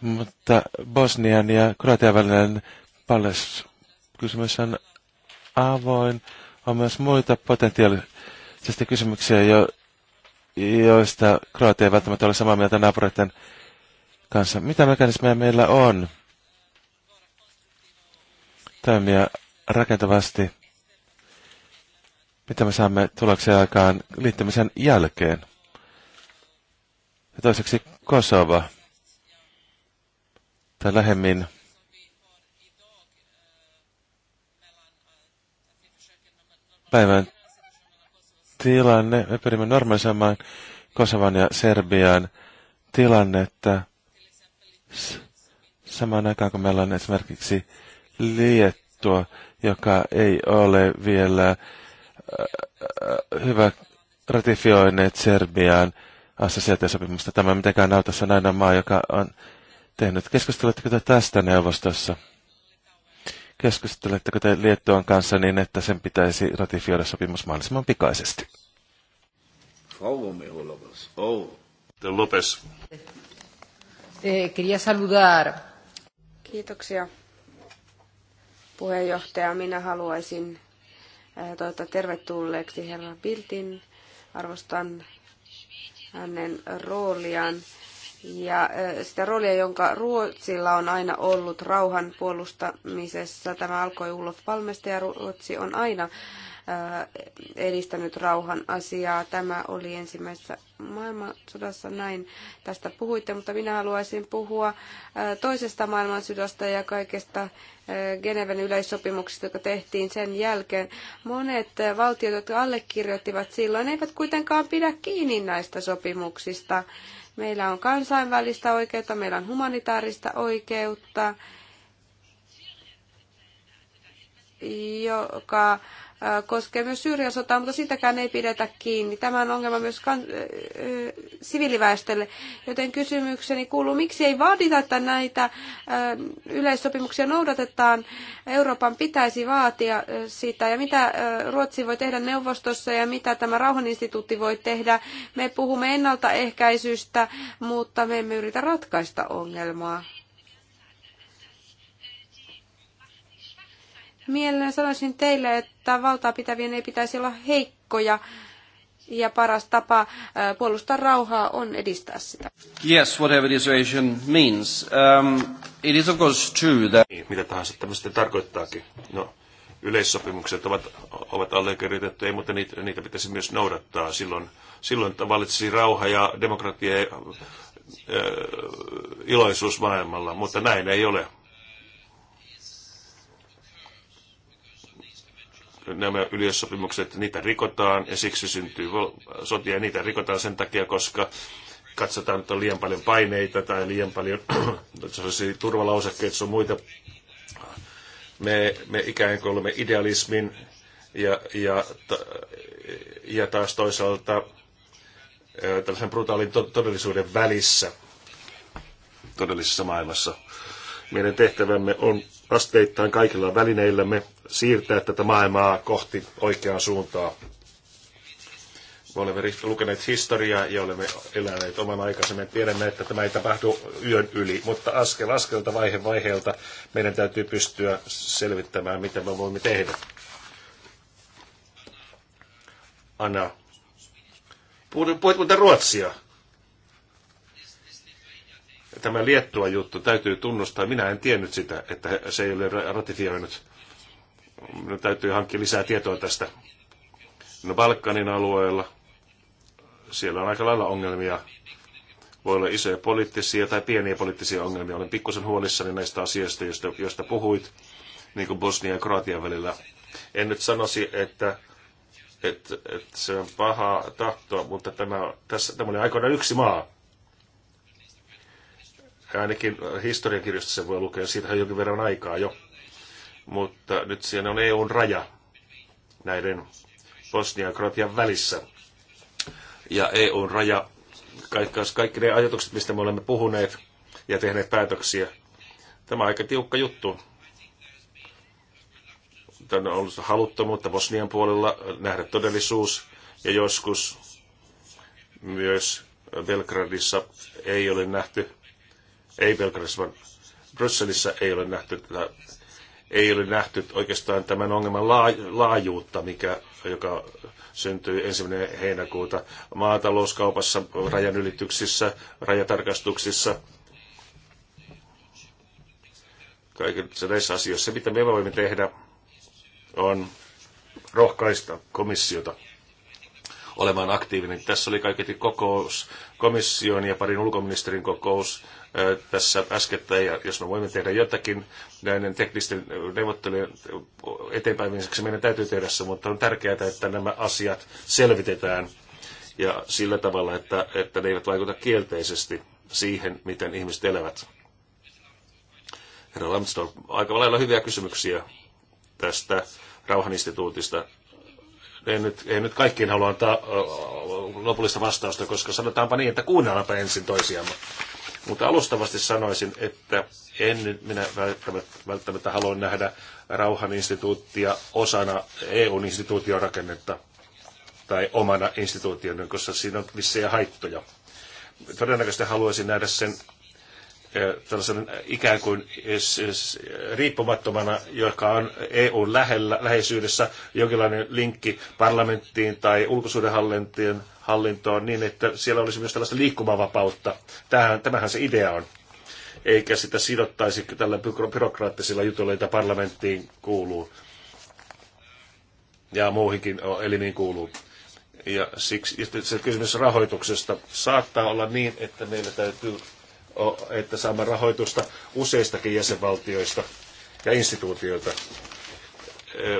Mutta Bosnian ja Kroatian välinen paljas kysymys on avoin on myös muita potentiaalisesti kysymyksiä, jo, joista Kroatia ei välttämättä ole samaa mieltä naapureiden kanssa. Mitä mekanismeja meillä on toimia rakentavasti? Mitä me saamme tuloksia aikaan liittymisen jälkeen? Ja toiseksi Kosova. Tai lähemmin päivän tilanne. Me pyrimme normalisoimaan Kosovan ja Serbian tilannetta samaan aikaan, kun meillä on esimerkiksi Liettua, joka ei ole vielä hyvä ratifioineet Serbian assosiaatiosopimusta. Tämä mitenkään auta, se on aina maa, joka on tehnyt. Keskusteletteko te tästä neuvostossa? Keskusteletteko te Liettuan kanssa niin, että sen pitäisi ratifioida sopimus mahdollisimman pikaisesti? Lopes. Eh, Kiitoksia puheenjohtaja. Minä haluaisin eh, toivottaa tervetulleeksi herra Piltin. Arvostan hänen rooliaan ja sitä roolia, jonka Ruotsilla on aina ollut rauhan puolustamisessa. Tämä alkoi Ulof Palmesta ja Ruotsi on aina edistänyt rauhan asiaa. Tämä oli ensimmäisessä maailmansodassa näin tästä puhuitte, mutta minä haluaisin puhua toisesta maailmansodasta ja kaikesta Geneven yleissopimuksesta, joka tehtiin sen jälkeen. Monet valtiot, jotka allekirjoittivat silloin, eivät kuitenkaan pidä kiinni näistä sopimuksista. Meillä on kansainvälistä oikeutta, meillä on humanitaarista oikeutta, joka koskee myös Syyrian sotaa, mutta sitäkään ei pidetä kiinni. Tämä on ongelma myös kan- siviiliväestölle. Joten kysymykseni kuuluu, miksi ei vaadita, että näitä yleissopimuksia noudatetaan? Euroopan pitäisi vaatia sitä. Ja mitä Ruotsi voi tehdä neuvostossa ja mitä tämä rauhaninstituutti voi tehdä? Me puhumme ennaltaehkäisystä, mutta me emme yritä ratkaista ongelmaa. Mielelläni sanoisin teille, että valtaa pitävien ei pitäisi olla heikkoja ja paras tapa puolustaa rauhaa on edistää sitä. Yes, whatever this Asian means. Um, it is of course true that... Niin, mitä tahansa tämmöistä tarkoittaakin. No, yleissopimukset ovat, ovat ei, mutta niitä, niitä pitäisi myös noudattaa. Silloin, silloin valitsisi rauha ja demokratia ja äh, iloisuus maailmalla, mutta näin ei ole. nämä yliössopimukset, niitä rikotaan ja siksi syntyy sotia ja niitä rikotaan sen takia, koska katsotaan, että on liian paljon paineita tai liian paljon <clears throat> turvalausekkeita on muita. Me, me ikään kuin olemme idealismin ja, ja, ja taas toisaalta tällaisen brutaalin todellisuuden välissä todellisessa maailmassa. Meidän tehtävämme on asteittain kaikilla välineillämme siirtää tätä maailmaa kohti oikeaa suuntaa. Me olemme lukeneet historiaa ja olemme eläneet oman aikansa. Me tiedämme, että tämä ei tapahdu yön yli, mutta askel askelta, vaihe vaiheelta meidän täytyy pystyä selvittämään, mitä me voimme tehdä. Anna, puhuit muuten ruotsia. Tämä Liettua juttu täytyy tunnustaa. Minä en tiennyt sitä, että se ei ole ratifioinut minun täytyy hankkia lisää tietoa tästä. No Balkanin alueella, siellä on aika lailla ongelmia. Voi olla isoja poliittisia tai pieniä poliittisia ongelmia. Olen pikkusen huolissani näistä asioista, joista, joista puhuit, niin kuin Bosnia ja Kroatian välillä. En nyt sanoisi, että, että, että se on paha tahtoa, mutta tämä, tässä, tämä oli aikoinaan yksi maa. Ja ainakin historiankirjoista se voi lukea, siitä on jonkin verran aikaa jo mutta nyt siinä on EUn raja näiden bosnia ja Kroatian välissä. Ja EUn raja, kaikki, kaikki ne ajatukset, mistä me olemme puhuneet ja tehneet päätöksiä, tämä on aika tiukka juttu. Tämä on ollut haluttomuutta Bosnian puolella nähdä todellisuus ja joskus myös Belgradissa ei ole nähty, ei Belgradissa, vaan Brysselissä ei ole nähty tätä ei ole nähty oikeastaan tämän ongelman laajuutta, mikä, joka syntyy ensimmäinen heinäkuuta maatalouskaupassa, rajanylityksissä, rajatarkastuksissa, kaikissa näissä asioissa. Se, mitä me voimme tehdä, on rohkaista komissiota olemaan aktiivinen. Tässä oli kaiketi kokous, komission ja parin ulkoministerin kokous tässä äskettäin, ja jos me voimme tehdä jotakin näiden teknisten neuvottelujen eteenpäinviemiseksi, meidän täytyy tehdä se, mutta on tärkeää, että nämä asiat selvitetään ja sillä tavalla, että, että ne eivät vaikuta kielteisesti siihen, miten ihmiset elävät. Herra Lambsdorff, aika lailla hyviä kysymyksiä tästä rauhaninstituutista. En nyt, en nyt kaikkiin halua antaa lopullista vastausta, koska sanotaanpa niin, että kuunnellaanpa ensin toisiaan. Mutta alustavasti sanoisin, että en minä välttämättä, välttämättä halua nähdä rauhan instituuttia osana e instituution rakennetta tai omana instituutiona, koska siinä on vissiä haittoja. Todennäköisesti haluaisin nähdä sen tällaisen ikään kuin riippumattomana, joka on EUn lähellä, läheisyydessä jonkinlainen linkki parlamenttiin tai ulkosuudenhallintoon hallintoon niin, että siellä olisi myös tällaista liikkumavapautta. Tämähän, tämähän se idea on. Eikä sitä sidottaisi tällä byrokraattisilla jutuilla, joita parlamenttiin kuuluu. Ja muuhinkin elimiin kuuluu. Ja siksi se kysymys rahoituksesta saattaa olla niin, että meillä täytyy että saamme rahoitusta useistakin jäsenvaltioista ja instituutioilta.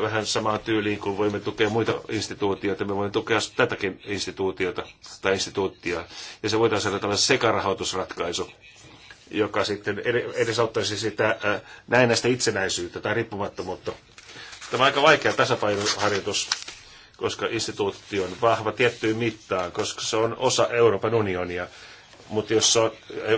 Vähän samaan tyyliin, kuin voimme tukea muita instituutioita, me voimme tukea tätäkin instituutiota tai instituuttia. Ja se voidaan saada tällainen sekarahoitusratkaisu, joka sitten edesauttaisi sitä näinäistä itsenäisyyttä tai riippumattomuutta. Tämä on aika vaikea tasapainoharjoitus, koska instituutti on vahva tiettyyn mittaan, koska se on osa Euroopan unionia mutta jos se on,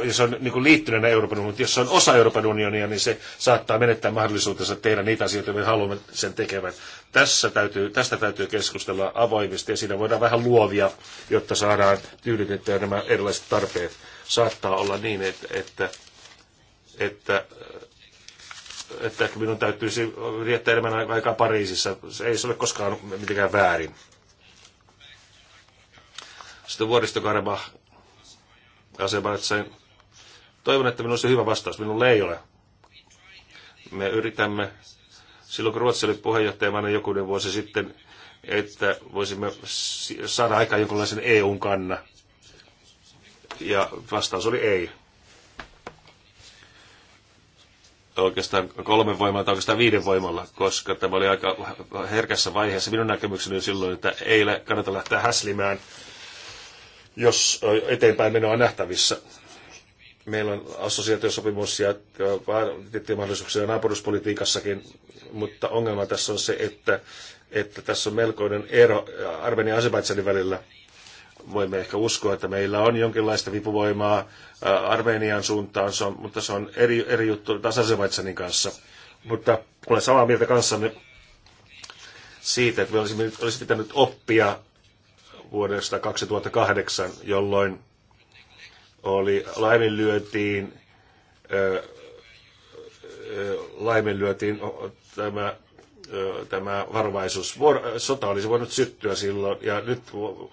jos on niin liittyneenä Euroopan unioniin, mutta jos se on osa Euroopan unionia, niin se saattaa menettää mahdollisuutensa tehdä niitä asioita, joita me haluamme sen tekevän. Tässä täytyy, tästä täytyy keskustella avoimesti ja siinä voidaan vähän luovia, jotta saadaan tyydytettyä nämä erilaiset tarpeet. Saattaa olla niin, että, että, että että ehkä minun täytyisi viettää enemmän aikaa Pariisissa. Se ei se ole koskaan mitenkään väärin. Sitten vuoristokarabah Azerbaidsjan. Toivon, että minulla olisi hyvä vastaus. Minulla ei ole. Me yritämme, silloin kun Ruotsi oli puheenjohtajamaana jokunen vuosi sitten, että voisimme saada aika jonkinlaisen EUn kanna Ja vastaus oli ei. Oikeastaan kolmen voimalla tai oikeastaan viiden voimalla, koska tämä oli aika herkässä vaiheessa. Minun näkemykseni oli silloin, että ei kannata lähteä häslimään jos eteenpäin menoa nähtävissä. Meillä on assosiaatiosopimus ja tiettyjä mahdollisuuksia naapuruspolitiikassakin, mutta ongelma tässä on se, että, että tässä on melkoinen ero Armenian ja Azerbaidsanin välillä. Voimme ehkä uskoa, että meillä on jonkinlaista vipuvoimaa Armenian suuntaan, se on, mutta se on eri, eri juttu taas Azerbaidsanin kanssa. Mutta olen samaa mieltä kanssanne siitä, että me olisimme, olisi pitänyt oppia vuodesta 2008, jolloin oli, laiminlyötiin, ää, laiminlyötiin tämä tämä varovaisuus. Sota olisi voinut syttyä silloin, ja nyt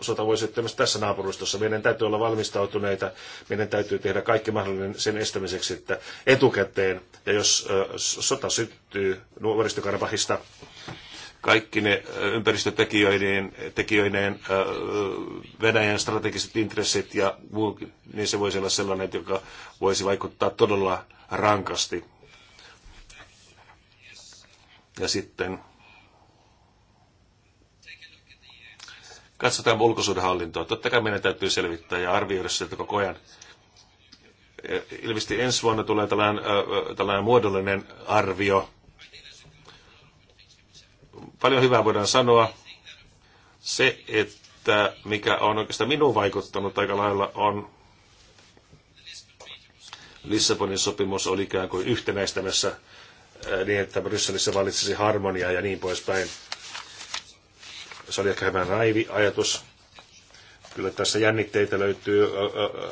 sota voi syttyä myös tässä naapurustossa. Meidän täytyy olla valmistautuneita, meidän täytyy tehdä kaikki mahdollinen sen estämiseksi, että etukäteen, ja jos sota syttyy Nuoristokarabahista, kaikki ne ympäristötekijöineen tekijöineen, Venäjän strategiset intressit ja muu, niin se voisi olla sellainen, joka voisi vaikuttaa todella rankasti. Ja sitten katsotaan ulkosuudenhallintoa. Totta kai meidän täytyy selvittää ja arvioida sitä koko ajan. E, ilmeisesti ensi vuonna tulee tällainen, tällainen muodollinen arvio paljon hyvää voidaan sanoa. Se, että mikä on oikeastaan minun vaikuttanut aika lailla, on Lissabonin sopimus oli ikään kuin yhtenäistämässä äh, niin, että Brysselissä valitsisi harmonia ja niin poispäin. Se oli ehkä hyvän raivi ajatus. Kyllä tässä jännitteitä löytyy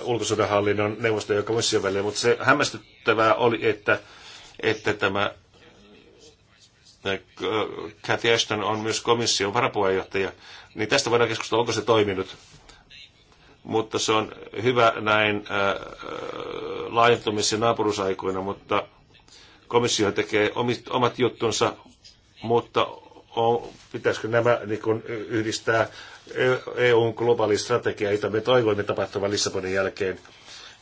ulkosuudenhallinnon neuvosto ja komission välillä, mutta se hämmästyttävää oli, että, että tämä Äh, Cathy Ashton on myös komission varapuheenjohtaja, niin tästä voidaan keskustella, onko se toiminut. Mutta se on hyvä näin ää, äh, äh, laajentumis- ja naapurusaikoina, mutta komissio tekee omit, omat juttunsa, mutta on, pitäisikö nämä niin kun, yhdistää EUn globaali strategia, jota me toivoimme tapahtuvan Lissabonin jälkeen,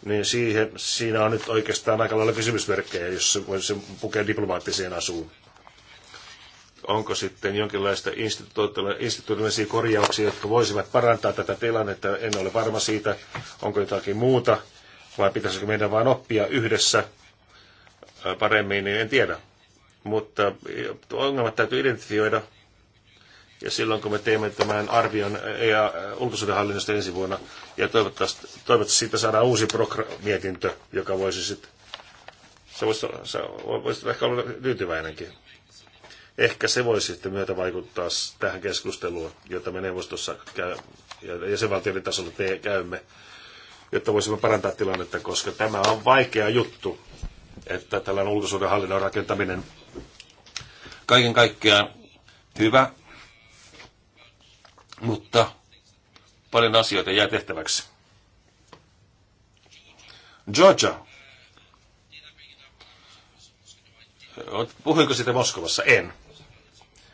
niin siihen, siinä on nyt oikeastaan aika lailla kysymysmerkkejä, jos se, pukea diplomaattiseen asuun onko sitten jonkinlaista instituutiollisia korjauksia, jotka voisivat parantaa tätä tilannetta. En ole varma siitä, onko jotakin muuta vai pitäisikö meidän vain oppia yhdessä paremmin, niin en tiedä. Mutta ongelmat täytyy identifioida. Ja silloin kun me teemme tämän arvion ja ulkosuudenhallinnosta ensi vuonna, ja toivottavasti, toivottavasti siitä saadaan uusi mietintö, joka voisi sitten, se voisi, se voisi ehkä olla tyytyväinenkin. Ehkä se voisi sitten myötä vaikuttaa tähän keskusteluun, jota me neuvostossa käy, ja jäsenvaltioiden tasolla te, käymme, jotta voisimme parantaa tilannetta, koska tämä on vaikea juttu, että tällainen ulkosuuden hallinnon rakentaminen kaiken kaikkiaan hyvä, mutta paljon asioita jää tehtäväksi. Georgia. Puhuinko sitä Moskovassa? En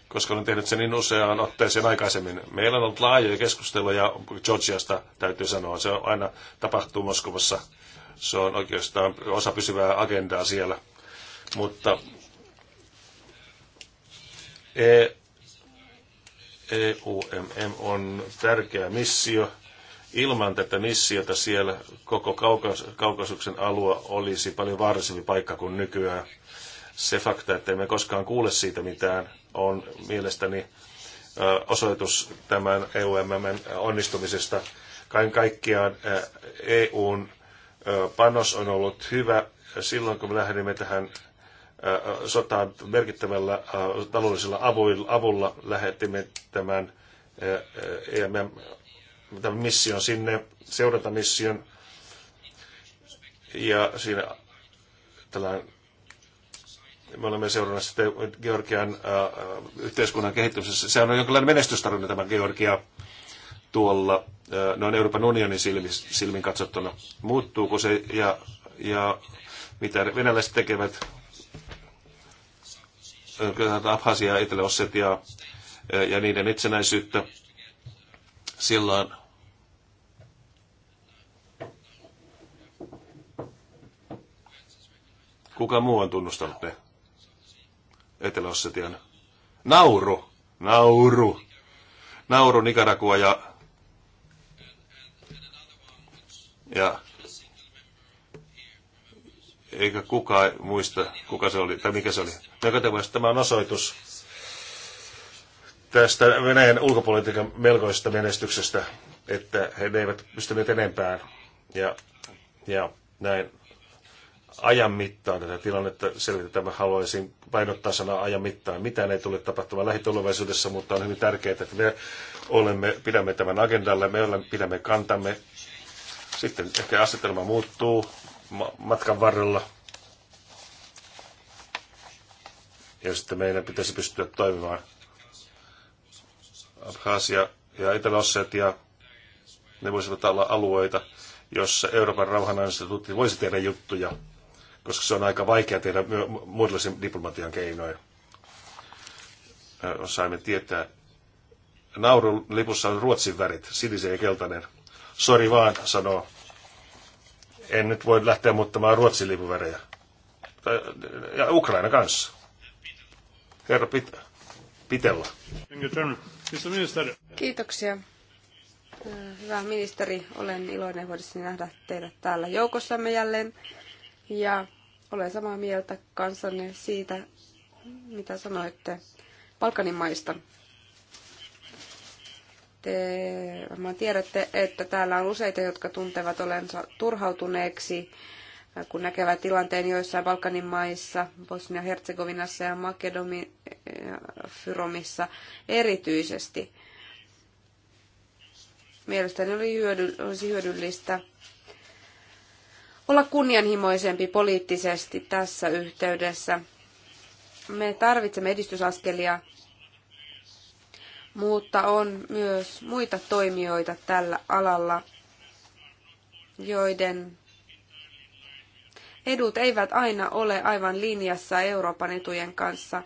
koska olen tehnyt sen niin useaan otteeseen aikaisemmin. Meillä on ollut laajoja keskusteluja Georgiasta, täytyy sanoa. Se on aina tapahtuu Moskovassa. Se on oikeastaan osa pysyvää agendaa siellä. Mutta EUMM e on tärkeä missio. Ilman tätä missiota siellä koko kaukasuksen alue olisi paljon vaarallisempi paikka kuin nykyään se fakta, että emme koskaan kuule siitä mitään, on mielestäni osoitus tämän EUMMn onnistumisesta. Kaiken kaikkiaan EUn panos on ollut hyvä silloin, kun me lähdimme tähän sotaan merkittävällä taloudellisella avulla, lähetimme tämän EMM tämän mission sinne, seurantamission, ja siinä tällainen me olemme seurannassa Georgian äh, äh yhteiskunnan kehittymisessä. se on jonkinlainen menestystarina tämä Georgia tuolla äh, noin Euroopan unionin silmin, silmin katsottuna. Muuttuuko se ja, ja mitä venäläiset tekevät? Äh, Abhasia, Etelä-Ossetia äh, ja niiden itsenäisyyttä. Silloin kuka muu on tunnustanut ne? Etelä-Ossetian. Nauru, Nauru, Nauru, Nicaragua ja, ja eikä kukaan muista, kuka se oli, tai mikä se oli. Joka tämä on osoitus tästä Venäjän ulkopolitiikan melkoisesta menestyksestä, että he eivät pystyneet enempään. Ja, ja näin ajan mittaan tätä tilannetta selvitetään. Mä haluaisin painottaa sanaa ajan mittaan. Mitään ei tule tapahtumaan lähitulevaisuudessa, mutta on hyvin tärkeää, että me olemme, pidämme tämän agendalle, me olemme, pidämme kantamme. Sitten ehkä asetelma muuttuu matkan varrella. Ja sitten meidän pitäisi pystyä toimimaan. Abhaasia ja Etelä-Ossetia, ne voisivat olla alueita, jossa Euroopan rauhan instituutti voisi tehdä juttuja koska se on aika vaikea tehdä muodollisen diplomatian keinoin. Saimme tietää, naurun lipussa on ruotsin värit, sinisen ja keltainen. Sori vaan, sanoo. En nyt voi lähteä muuttamaan ruotsin lipuvärejä. Ja Ukraina kanssa. Herra Pit- Pitella. Kiitoksia. Hyvä ministeri, olen iloinen voidessani nähdä teidät täällä joukossamme jälleen ja olen samaa mieltä kanssanne siitä, mitä sanoitte Balkanin maista. Te varmaan tiedätte, että täällä on useita, jotka tuntevat olensa turhautuneeksi, kun näkevät tilanteen joissain Balkanin maissa, Bosnia-Herzegovinassa ja Makedonia-Fyromissa erityisesti. Mielestäni oli hyödy, olisi hyödyllistä olla kunnianhimoisempi poliittisesti tässä yhteydessä. Me tarvitsemme edistysaskelia, mutta on myös muita toimijoita tällä alalla, joiden edut eivät aina ole aivan linjassa Euroopan etujen kanssa.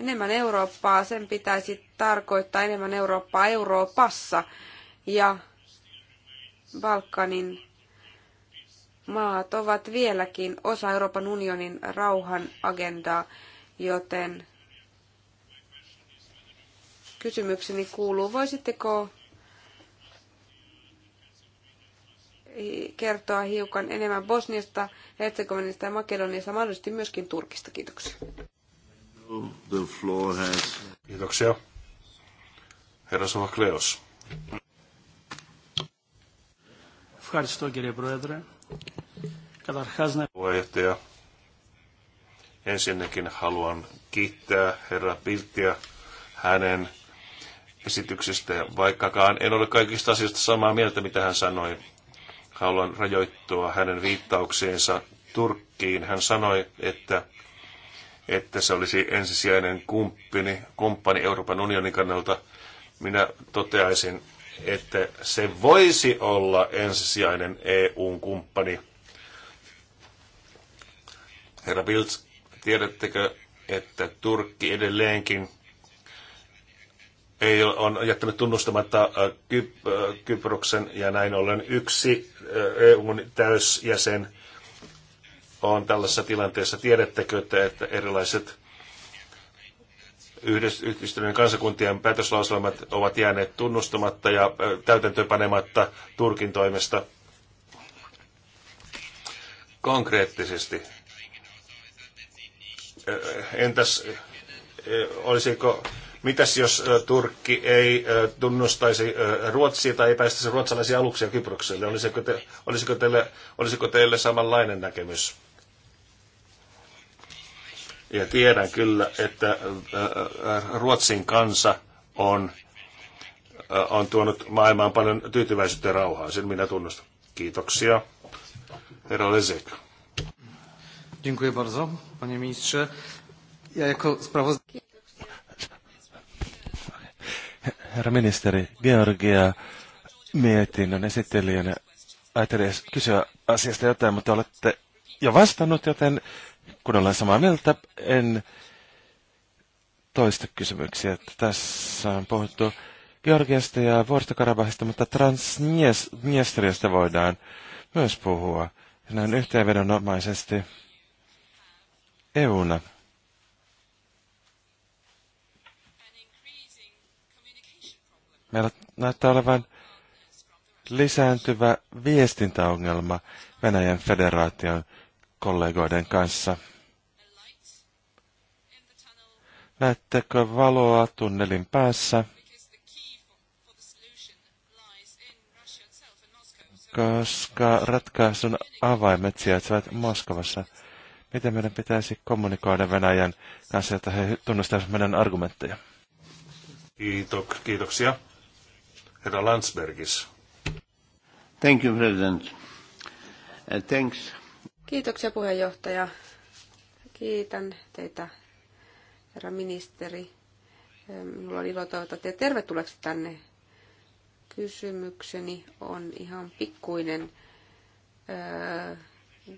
Enemmän Eurooppaa, sen pitäisi tarkoittaa enemmän Eurooppaa Euroopassa ja Balkanin maat ovat vieläkin osa Euroopan unionin rauhan agendaa, joten kysymykseni kuuluu, voisitteko kertoa hiukan enemmän Bosniasta, Herzegovinasta ja Makedoniasta, mahdollisesti myöskin Turkista. Kiitoksia. Has... Kiitoksia. Herra Somakleos. Ευχαριστώ κύριε Puheenjohtaja, ensinnäkin haluan kiittää herra Pilttiä hänen esityksestä, vaikkakaan en ole kaikista asioista samaa mieltä, mitä hän sanoi. Haluan rajoittua hänen viittaukseensa Turkkiin. Hän sanoi, että, että se olisi ensisijainen kumppani, kumppani Euroopan unionin kannalta. Minä toteaisin, että se voisi olla ensisijainen eu kumppani – Herra Biltz, tiedättekö, että Turkki edelleenkin ei ole, on jättänyt tunnustamatta äh, Kyp, äh, Kyproksen ja näin ollen yksi äh, EUn täysjäsen on tällaisessa tilanteessa. Tiedättekö, että, että erilaiset yhdistyneiden kansakuntien päätöslauselmat ovat jääneet tunnustamatta ja täytäntöönpanematta Turkin toimesta konkreettisesti entäs olisiko, mitäs jos Turkki ei tunnustaisi Ruotsia tai ei päästäisi ruotsalaisia aluksia Kyprokselle? Olisiko, te, olisiko, teille, olisiko teille samanlainen näkemys? Ja tiedän kyllä, että Ruotsin kansa on, on tuonut maailmaan paljon tyytyväisyyttä ja rauhaa. Sen minä tunnustan. Kiitoksia. Herra Lesek. Dziękuję bardzo, panie ministrze. Ja jako sprawozdawca... Herra ministeri, Georgia mietinnön esittelijänä ajattelin edes kysyä asiasta jotain, mutta olette jo vastannut, joten kun olen samaa mieltä, en toista kysymyksiä. Tässä on puhuttu Georgiasta ja Vuoristokarabahista, mutta Transniestriasta voidaan myös puhua. Näin yhteenvedonomaisesti. EUna meillä näyttää olevan lisääntyvä viestintäongelma Venäjän federaation kollegoiden kanssa. Näettekö valoa tunnelin päässä? Koska ratkaisun avaimet sijaitsevat Moskovassa miten meidän pitäisi kommunikoida Venäjän kanssa, että he tunnustaisivat meidän argumentteja. Kiitok, kiitoksia. Herra Landsbergis. Thank you, President. Uh, thanks. Kiitoksia puheenjohtaja. Kiitän teitä, herra ministeri. Eh, minulla on ilo toivottaa teitä tervetulleeksi tänne. Kysymykseni on ihan pikkuinen. Eh,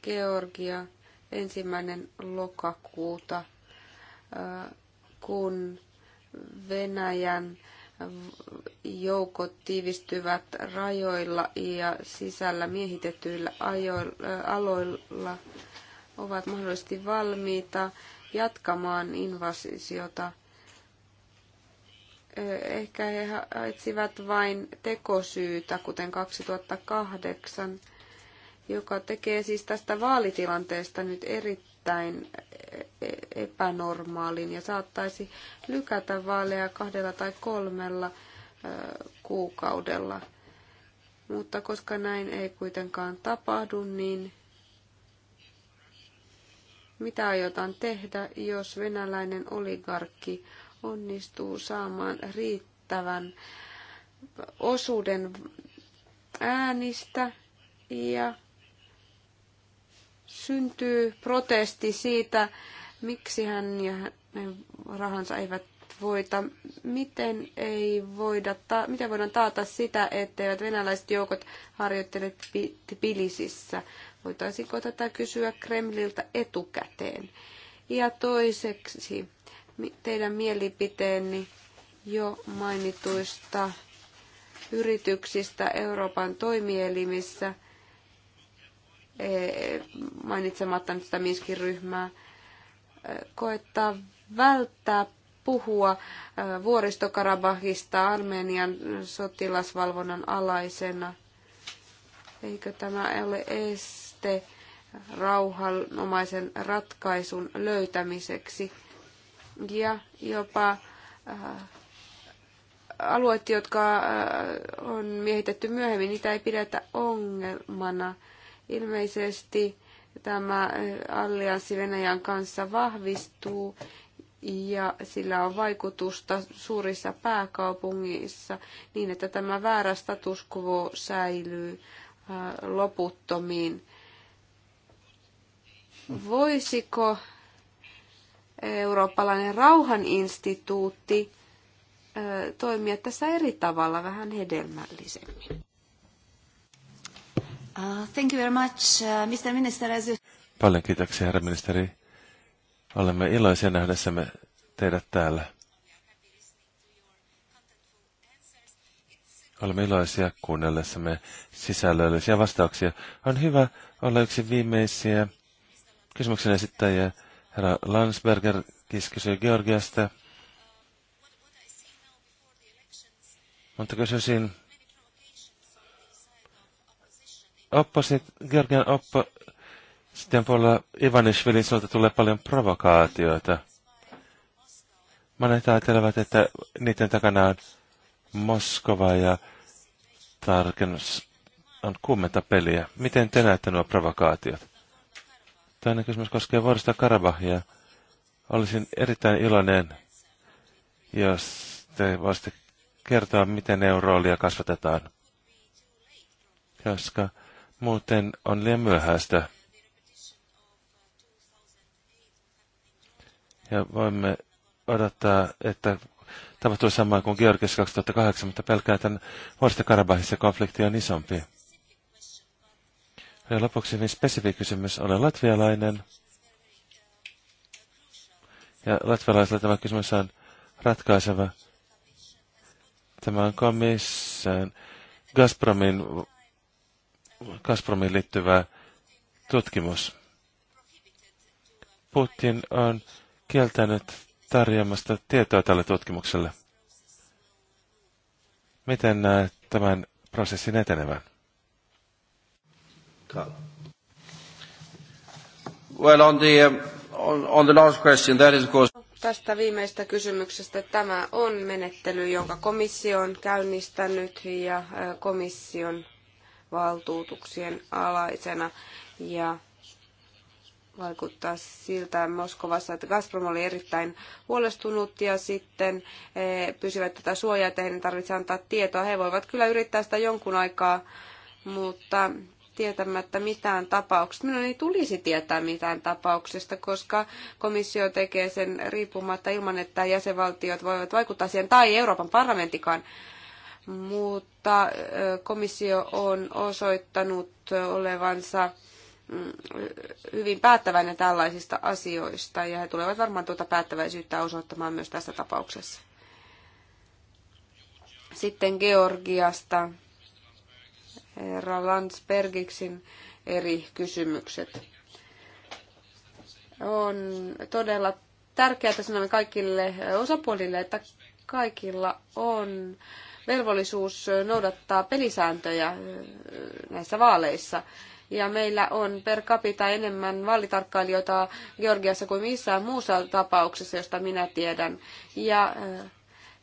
Georgia ensimmäinen lokakuuta, kun Venäjän joukot tiivistyvät rajoilla ja sisällä miehitetyillä aloilla ovat mahdollisesti valmiita jatkamaan invasiota. Ehkä he etsivät vain tekosyytä, kuten 2008 joka tekee siis tästä vaalitilanteesta nyt erittäin e-, epänormaalin ja saattaisi lykätä vaaleja kahdella tai kolmella kuukaudella. Mutta koska näin ei kuitenkaan tapahdu, niin mitä aiotaan tehdä, jos venäläinen oligarkki onnistuu saamaan riittävän osuuden äänistä ja syntyy protesti siitä, miksi hän ja hänen rahansa eivät voita. Miten, ei voida ta- miten voidaan taata sitä, etteivät venäläiset joukot harjoittele Tbilisissä? Voitaisiinko tätä kysyä Kremliltä etukäteen? Ja toiseksi teidän mielipiteeni jo mainituista yrityksistä Euroopan toimielimissä – Eh, mainitsematta nyt sitä Minskin ryhmää, eh, koettaa välttää puhua eh, vuoristokarabahista Armenian sotilasvalvonnan alaisena. Eikö tämä ole este rauhanomaisen ratkaisun löytämiseksi? Ja jopa alueet, jotka on miehitetty myöhemmin, niitä ei pidetä ongelmana. Ilmeisesti tämä eh, allianssi Venäjän kanssa vahvistuu ja sillä on vaikutusta suurissa pääkaupungeissa, niin, että tämä väärä status quo säilyy eh, loputtomiin. Voisiko eurooppalainen rauhaninstituutti eh, toimia tässä eri tavalla vähän hedelmällisemmin? Uh, thank you very much, uh, Mr. Minister. As you... Paljon kiitoksia, herra ministeri. Olemme iloisia nähdessämme teidät täällä. Olemme iloisia kuunnellessamme sisällöllisiä vastauksia. On hyvä olla yksi viimeisiä kysymyksen esittäjiä. Herra Landsberger kysyi Georgiasta. Mutta kysyisin opposit, Georgian oppo, sitten puolella Ivanishvilin suolta tulee paljon provokaatioita. Monet ajattelevat, että niiden takana on Moskova ja tarkennus on kuumenta peliä. Miten te näette nuo provokaatiot? Toinen kysymys koskee vuodesta Karabahia. Olisin erittäin iloinen, jos te voisitte kertoa, miten euroolia kasvatetaan. Koska Muuten on liian myöhäistä. Ja voimme odottaa, että tapahtuu samaa kuin Georgiassa 2008, mutta pelkään, tämän vuodesta karabahissa konflikti on isompi. Ja lopuksi hyvin niin spesifi kysymys. Olen latvialainen. Ja latvialaisella tämä kysymys on ratkaiseva. Tämä on komission Gazpromin Gazpromiin liittyvä tutkimus. Putin on kieltänyt tarjoamasta tietoa tälle tutkimukselle. Miten näet tämän prosessin etenevän? Well, on the, uh, on, on the last question, that is of course... Tästä viimeistä kysymyksestä tämä on menettely, jonka komissio on käynnistänyt ja uh, komission valtuutuksien alaisena ja vaikuttaa siltä Moskovassa, että Gazprom oli erittäin huolestunut ja sitten he eh, pysyvät tätä suojaa, että heidän tarvitsee antaa tietoa. He voivat kyllä yrittää sitä jonkun aikaa, mutta tietämättä mitään tapauksesta. Minun ei tulisi tietää mitään tapauksesta, koska komissio tekee sen riippumatta ilman, että jäsenvaltiot voivat vaikuttaa siihen tai Euroopan parlamentikaan mutta komissio on osoittanut olevansa mm, hyvin päättäväinen tällaisista asioista ja he tulevat varmaan tuota päättäväisyyttä osoittamaan myös tässä tapauksessa. Sitten Georgiasta herra Landsbergiksin eri kysymykset. On todella tärkeää sanomme kaikille osapuolille, että kaikilla on äh, velvollisuus noudattaa pelisääntöjä äh, näissä vaaleissa. Ja meillä on per capita enemmän vaalitarkkailijoita Georgiassa kuin missään muussa tapauksessa, josta minä tiedän. Ja äh,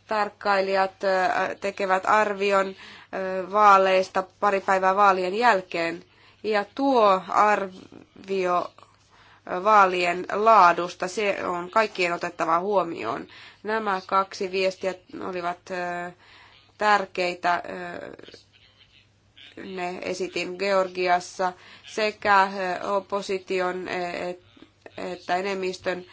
tarkkailijat äh, tekevät arvion vaaleista pari päivää vaalien jälkeen. Ja tuo arvio vaalien laadusta, se on kaikkien otettava huomioon. Nämä kaksi viestiä olivat tärkeitä. Ne esitin Georgiassa sekä opposition että enemmistön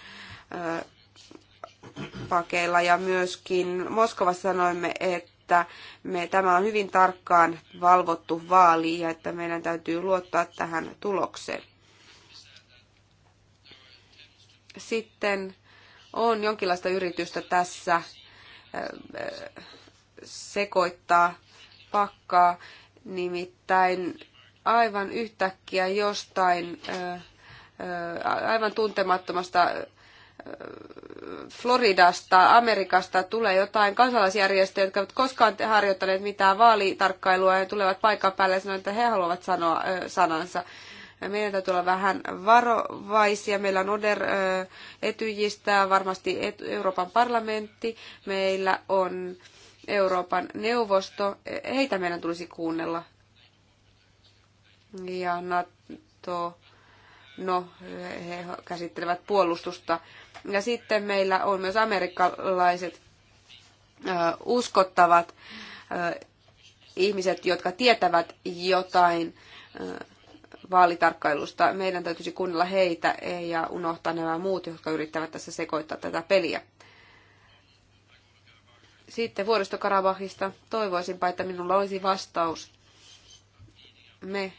pakeilla ja myöskin Moskovassa sanoimme, että me, tämä on hyvin tarkkaan valvottu vaali ja että meidän täytyy luottaa tähän tulokseen. Sitten on jonkinlaista yritystä tässä sekoittaa pakkaa. Nimittäin aivan yhtäkkiä jostain aivan tuntemattomasta Floridasta, Amerikasta tulee jotain kansalaisjärjestöjä, jotka eivät koskaan harjoittaneet mitään vaalitarkkailua ja tulevat paikan päälle ja sanoo, että he haluavat sanoa sanansa. Meidän täytyy olla vähän varovaisia. Meillä on Oder etyjistä, varmasti Euroopan parlamentti. Meillä on Euroopan neuvosto, heitä meidän tulisi kuunnella. Ja NATO, no, he käsittelevät puolustusta. Ja sitten meillä on myös amerikkalaiset uskottavat ihmiset, jotka tietävät jotain vaalitarkkailusta. Meidän täytyisi kuunnella heitä ja unohtaa nämä muut, jotka yrittävät tässä sekoittaa tätä peliä. Sitten vuoristokarabahista toivoisinpa, että minulla olisi vastaus. Me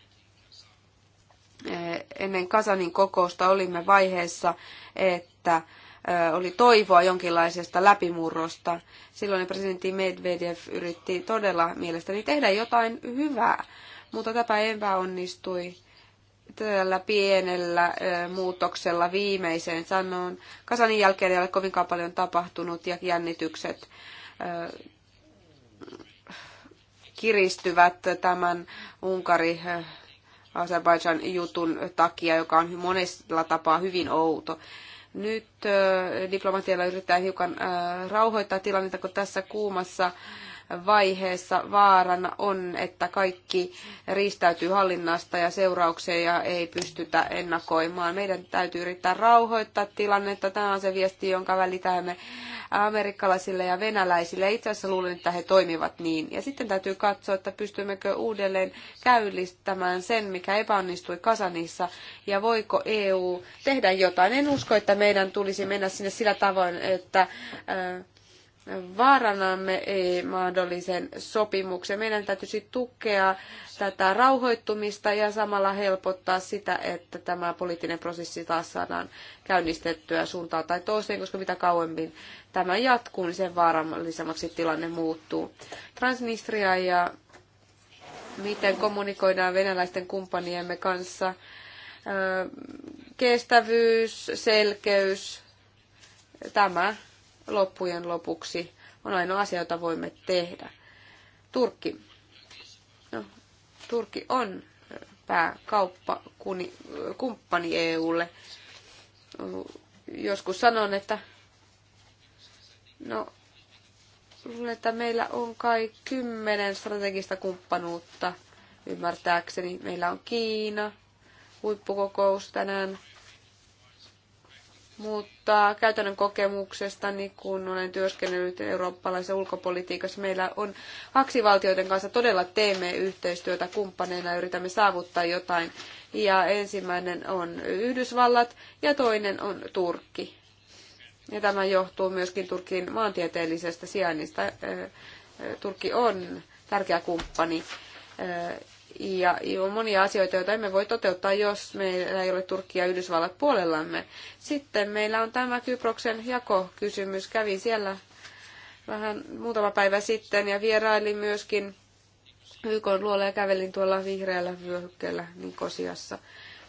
eh, ennen Kasanin kokousta olimme vaiheessa, että eh, oli toivoa jonkinlaisesta läpimurrosta. Silloin presidentti Medvedev yritti todella mielestäni tehdä jotain hyvää, mutta tämä epäonnistui tällä pienellä eh, muutoksella viimeiseen sanoon. Kasanin jälkeen ei ole kovinkaan paljon tapahtunut ja jännitykset kiristyvät tämän Unkari Azerbaijan jutun takia, joka on monella tapaa hyvin outo. Nyt diplomatialla yritetään hiukan rauhoittaa tilannetta, kun tässä kuumassa vaiheessa vaarana on, että kaikki riistäytyy hallinnasta ja seurauksia ei pystytä ennakoimaan. Meidän täytyy yrittää rauhoittaa tilannetta. Tämä on se viesti, jonka välitämme amerikkalaisille ja venäläisille. Itse asiassa luulen, että he toimivat niin. Ja sitten täytyy katsoa, että pystymmekö uudelleen käynnistämään sen, mikä epäonnistui Kasanissa, ja voiko EU tehdä jotain. En usko, että meidän tulisi mennä sinne sillä tavoin, että äh, vaarannamme mahdollisen sopimuksen. Meidän täytyisi tukea tätä rauhoittumista ja samalla helpottaa sitä, että tämä poliittinen prosessi taas saadaan käynnistettyä suuntaan tai toiseen, koska mitä kauemmin tämä jatkuu, niin sen vaarallisemmaksi tilanne muuttuu. Transnistria ja miten kommunikoidaan venäläisten kumppaniemme kanssa. Kestävyys, selkeys, tämä loppujen lopuksi on ainoa asia, jota voimme tehdä. Turkki. No, Turkki on pääkauppakumppani EUlle. Joskus sanon, että no, luulen, että meillä on kai kymmenen strategista kumppanuutta, ymmärtääkseni. Meillä on Kiina, huippukokous tänään mutta käytännön kokemuksesta, niin kun olen työskennellyt eurooppalaisessa ulkopolitiikassa, meillä on aksivaltioiden kanssa todella teemme yhteistyötä kumppaneina ja yritämme saavuttaa jotain. Ja ensimmäinen on Yhdysvallat ja toinen on Turkki. Ja tämä johtuu myöskin Turkin maantieteellisestä sijainnista. Turkki on tärkeä kumppani ja on monia asioita, joita emme voi toteuttaa, jos meillä ei ole Turkkia ja Yhdysvallat puolellamme. Sitten meillä on tämä Kyproksen jakokysymys. Kävin siellä vähän muutama päivä sitten ja vierailin myöskin YK luolla ja kävelin tuolla vihreällä vyöhykkeellä Nikosiassa.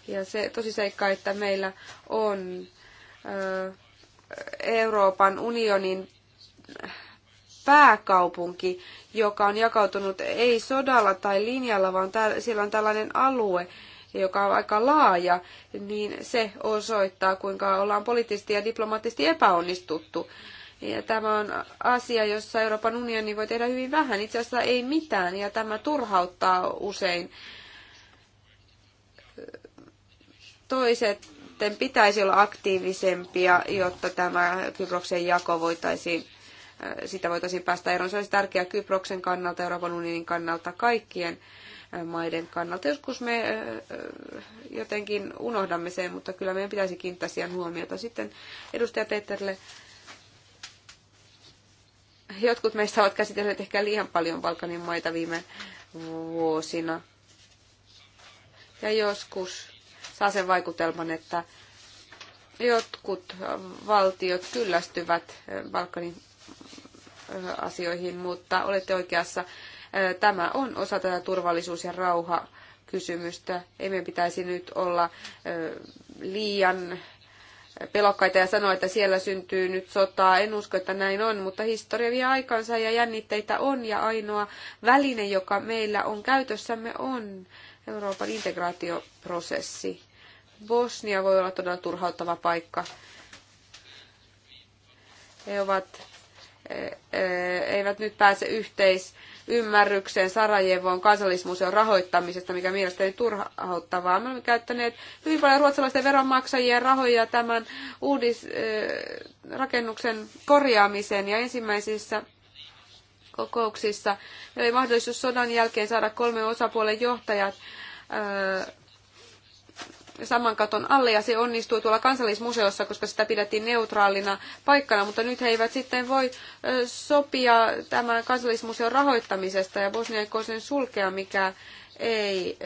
Ja se tosi seikka, että meillä on Euroopan unionin pääkaupunki, joka on jakautunut ei sodalla tai linjalla, vaan tää, siellä on tällainen alue, joka on aika laaja, niin se osoittaa, kuinka ollaan poliittisesti ja diplomaattisesti epäonnistuttu. Ja tämä on asia, jossa Euroopan unioni voi tehdä hyvin vähän, itse asiassa ei mitään, ja tämä turhauttaa usein. Toiset pitäisi olla aktiivisempia, jotta tämä Kyproksen jako voitaisiin sitä voitaisiin päästä eroon. Se olisi tärkeää Kyproksen kannalta, Euroopan unionin kannalta, kaikkien maiden kannalta. Joskus me jotenkin unohdamme sen, mutta kyllä meidän pitäisi kiinnittää siihen huomiota. Sitten edustaja Peterle, jotkut meistä ovat käsitelleet ehkä liian paljon Balkanin maita viime vuosina. Ja joskus saa sen vaikutelman, että jotkut valtiot kyllästyvät Balkanin asioihin, mutta olette oikeassa. Tämä on osa tätä turvallisuus- ja rauhakysymystä. Ei meidän pitäisi nyt olla liian pelokkaita ja sanoa, että siellä syntyy nyt sotaa. En usko, että näin on, mutta historia vie aikansa ja jännitteitä on ja ainoa väline, joka meillä on käytössämme on Euroopan integraatioprosessi. Bosnia voi olla todella turhauttava paikka. He ovat eivät nyt pääse yhteisymmärrykseen Sarajevon kansallismuseon rahoittamisesta, mikä mielestäni turhauttavaa. Me olemme käyttäneet hyvin paljon ruotsalaisten veronmaksajien rahoja tämän uudisrakennuksen korjaamiseen ja ensimmäisissä kokouksissa. Meillä oli mahdollisuus sodan jälkeen saada kolme osapuolen johtajat saman katon alle ja se onnistui tuolla kansallismuseossa, koska sitä pidettiin neutraalina paikkana, mutta nyt he eivät sitten voi sopia tämän kansallismuseon rahoittamisesta ja Bosnian kosen sulkea, mikä ei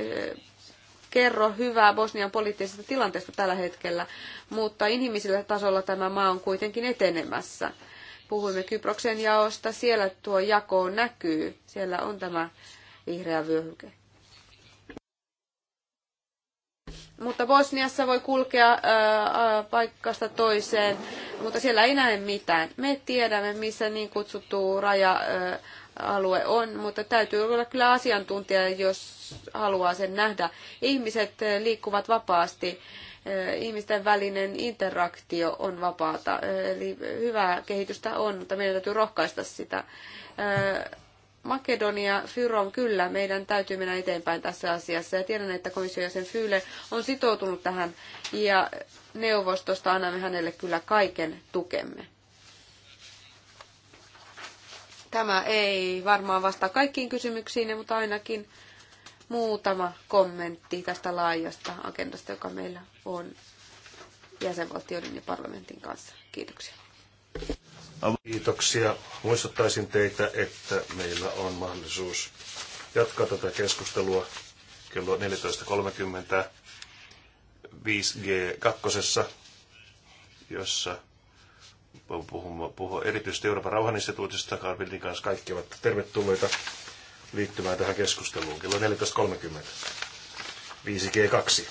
kerro hyvää Bosnian poliittisesta tilanteesta tällä hetkellä, mutta inhimillisellä tasolla tämä maa on kuitenkin etenemässä. Puhuimme Kyproksen jaosta, siellä tuo jako näkyy, siellä on tämä vihreä vyöhyke. mutta Bosniassa voi kulkea paikasta toiseen, mutta siellä ei näe mitään. Me tiedämme, missä niin kutsuttu raja-alue on, mutta täytyy olla kyllä asiantuntija, jos haluaa sen nähdä. Ihmiset liikkuvat vapaasti ihmisten välinen interaktio on vapaata. Eli hyvää kehitystä on, mutta meidän täytyy rohkaista sitä. Makedonia, Fyrom, kyllä, meidän täytyy mennä eteenpäin tässä asiassa. Ja tiedän, että komission jäsen Fyle on sitoutunut tähän ja neuvostosta annamme hänelle kyllä kaiken tukemme. Tämä ei varmaan vastaa kaikkiin kysymyksiin, mutta ainakin muutama kommentti tästä laajasta agendasta, joka meillä on jäsenvaltioiden ja parlamentin kanssa. Kiitoksia. Kiitoksia. Muistuttaisin teitä, että meillä on mahdollisuus jatkaa tätä keskustelua kello 14.30 5G2, jossa puhumme, puhua erityisesti Euroopan rauhaninstituutista. Karvildin kanssa kaikki ovat tervetulleita liittymään tähän keskusteluun kello 14.30. 5G2.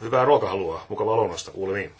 Hyvää ruokahalua, mukavaa lounasta, kuulemiin.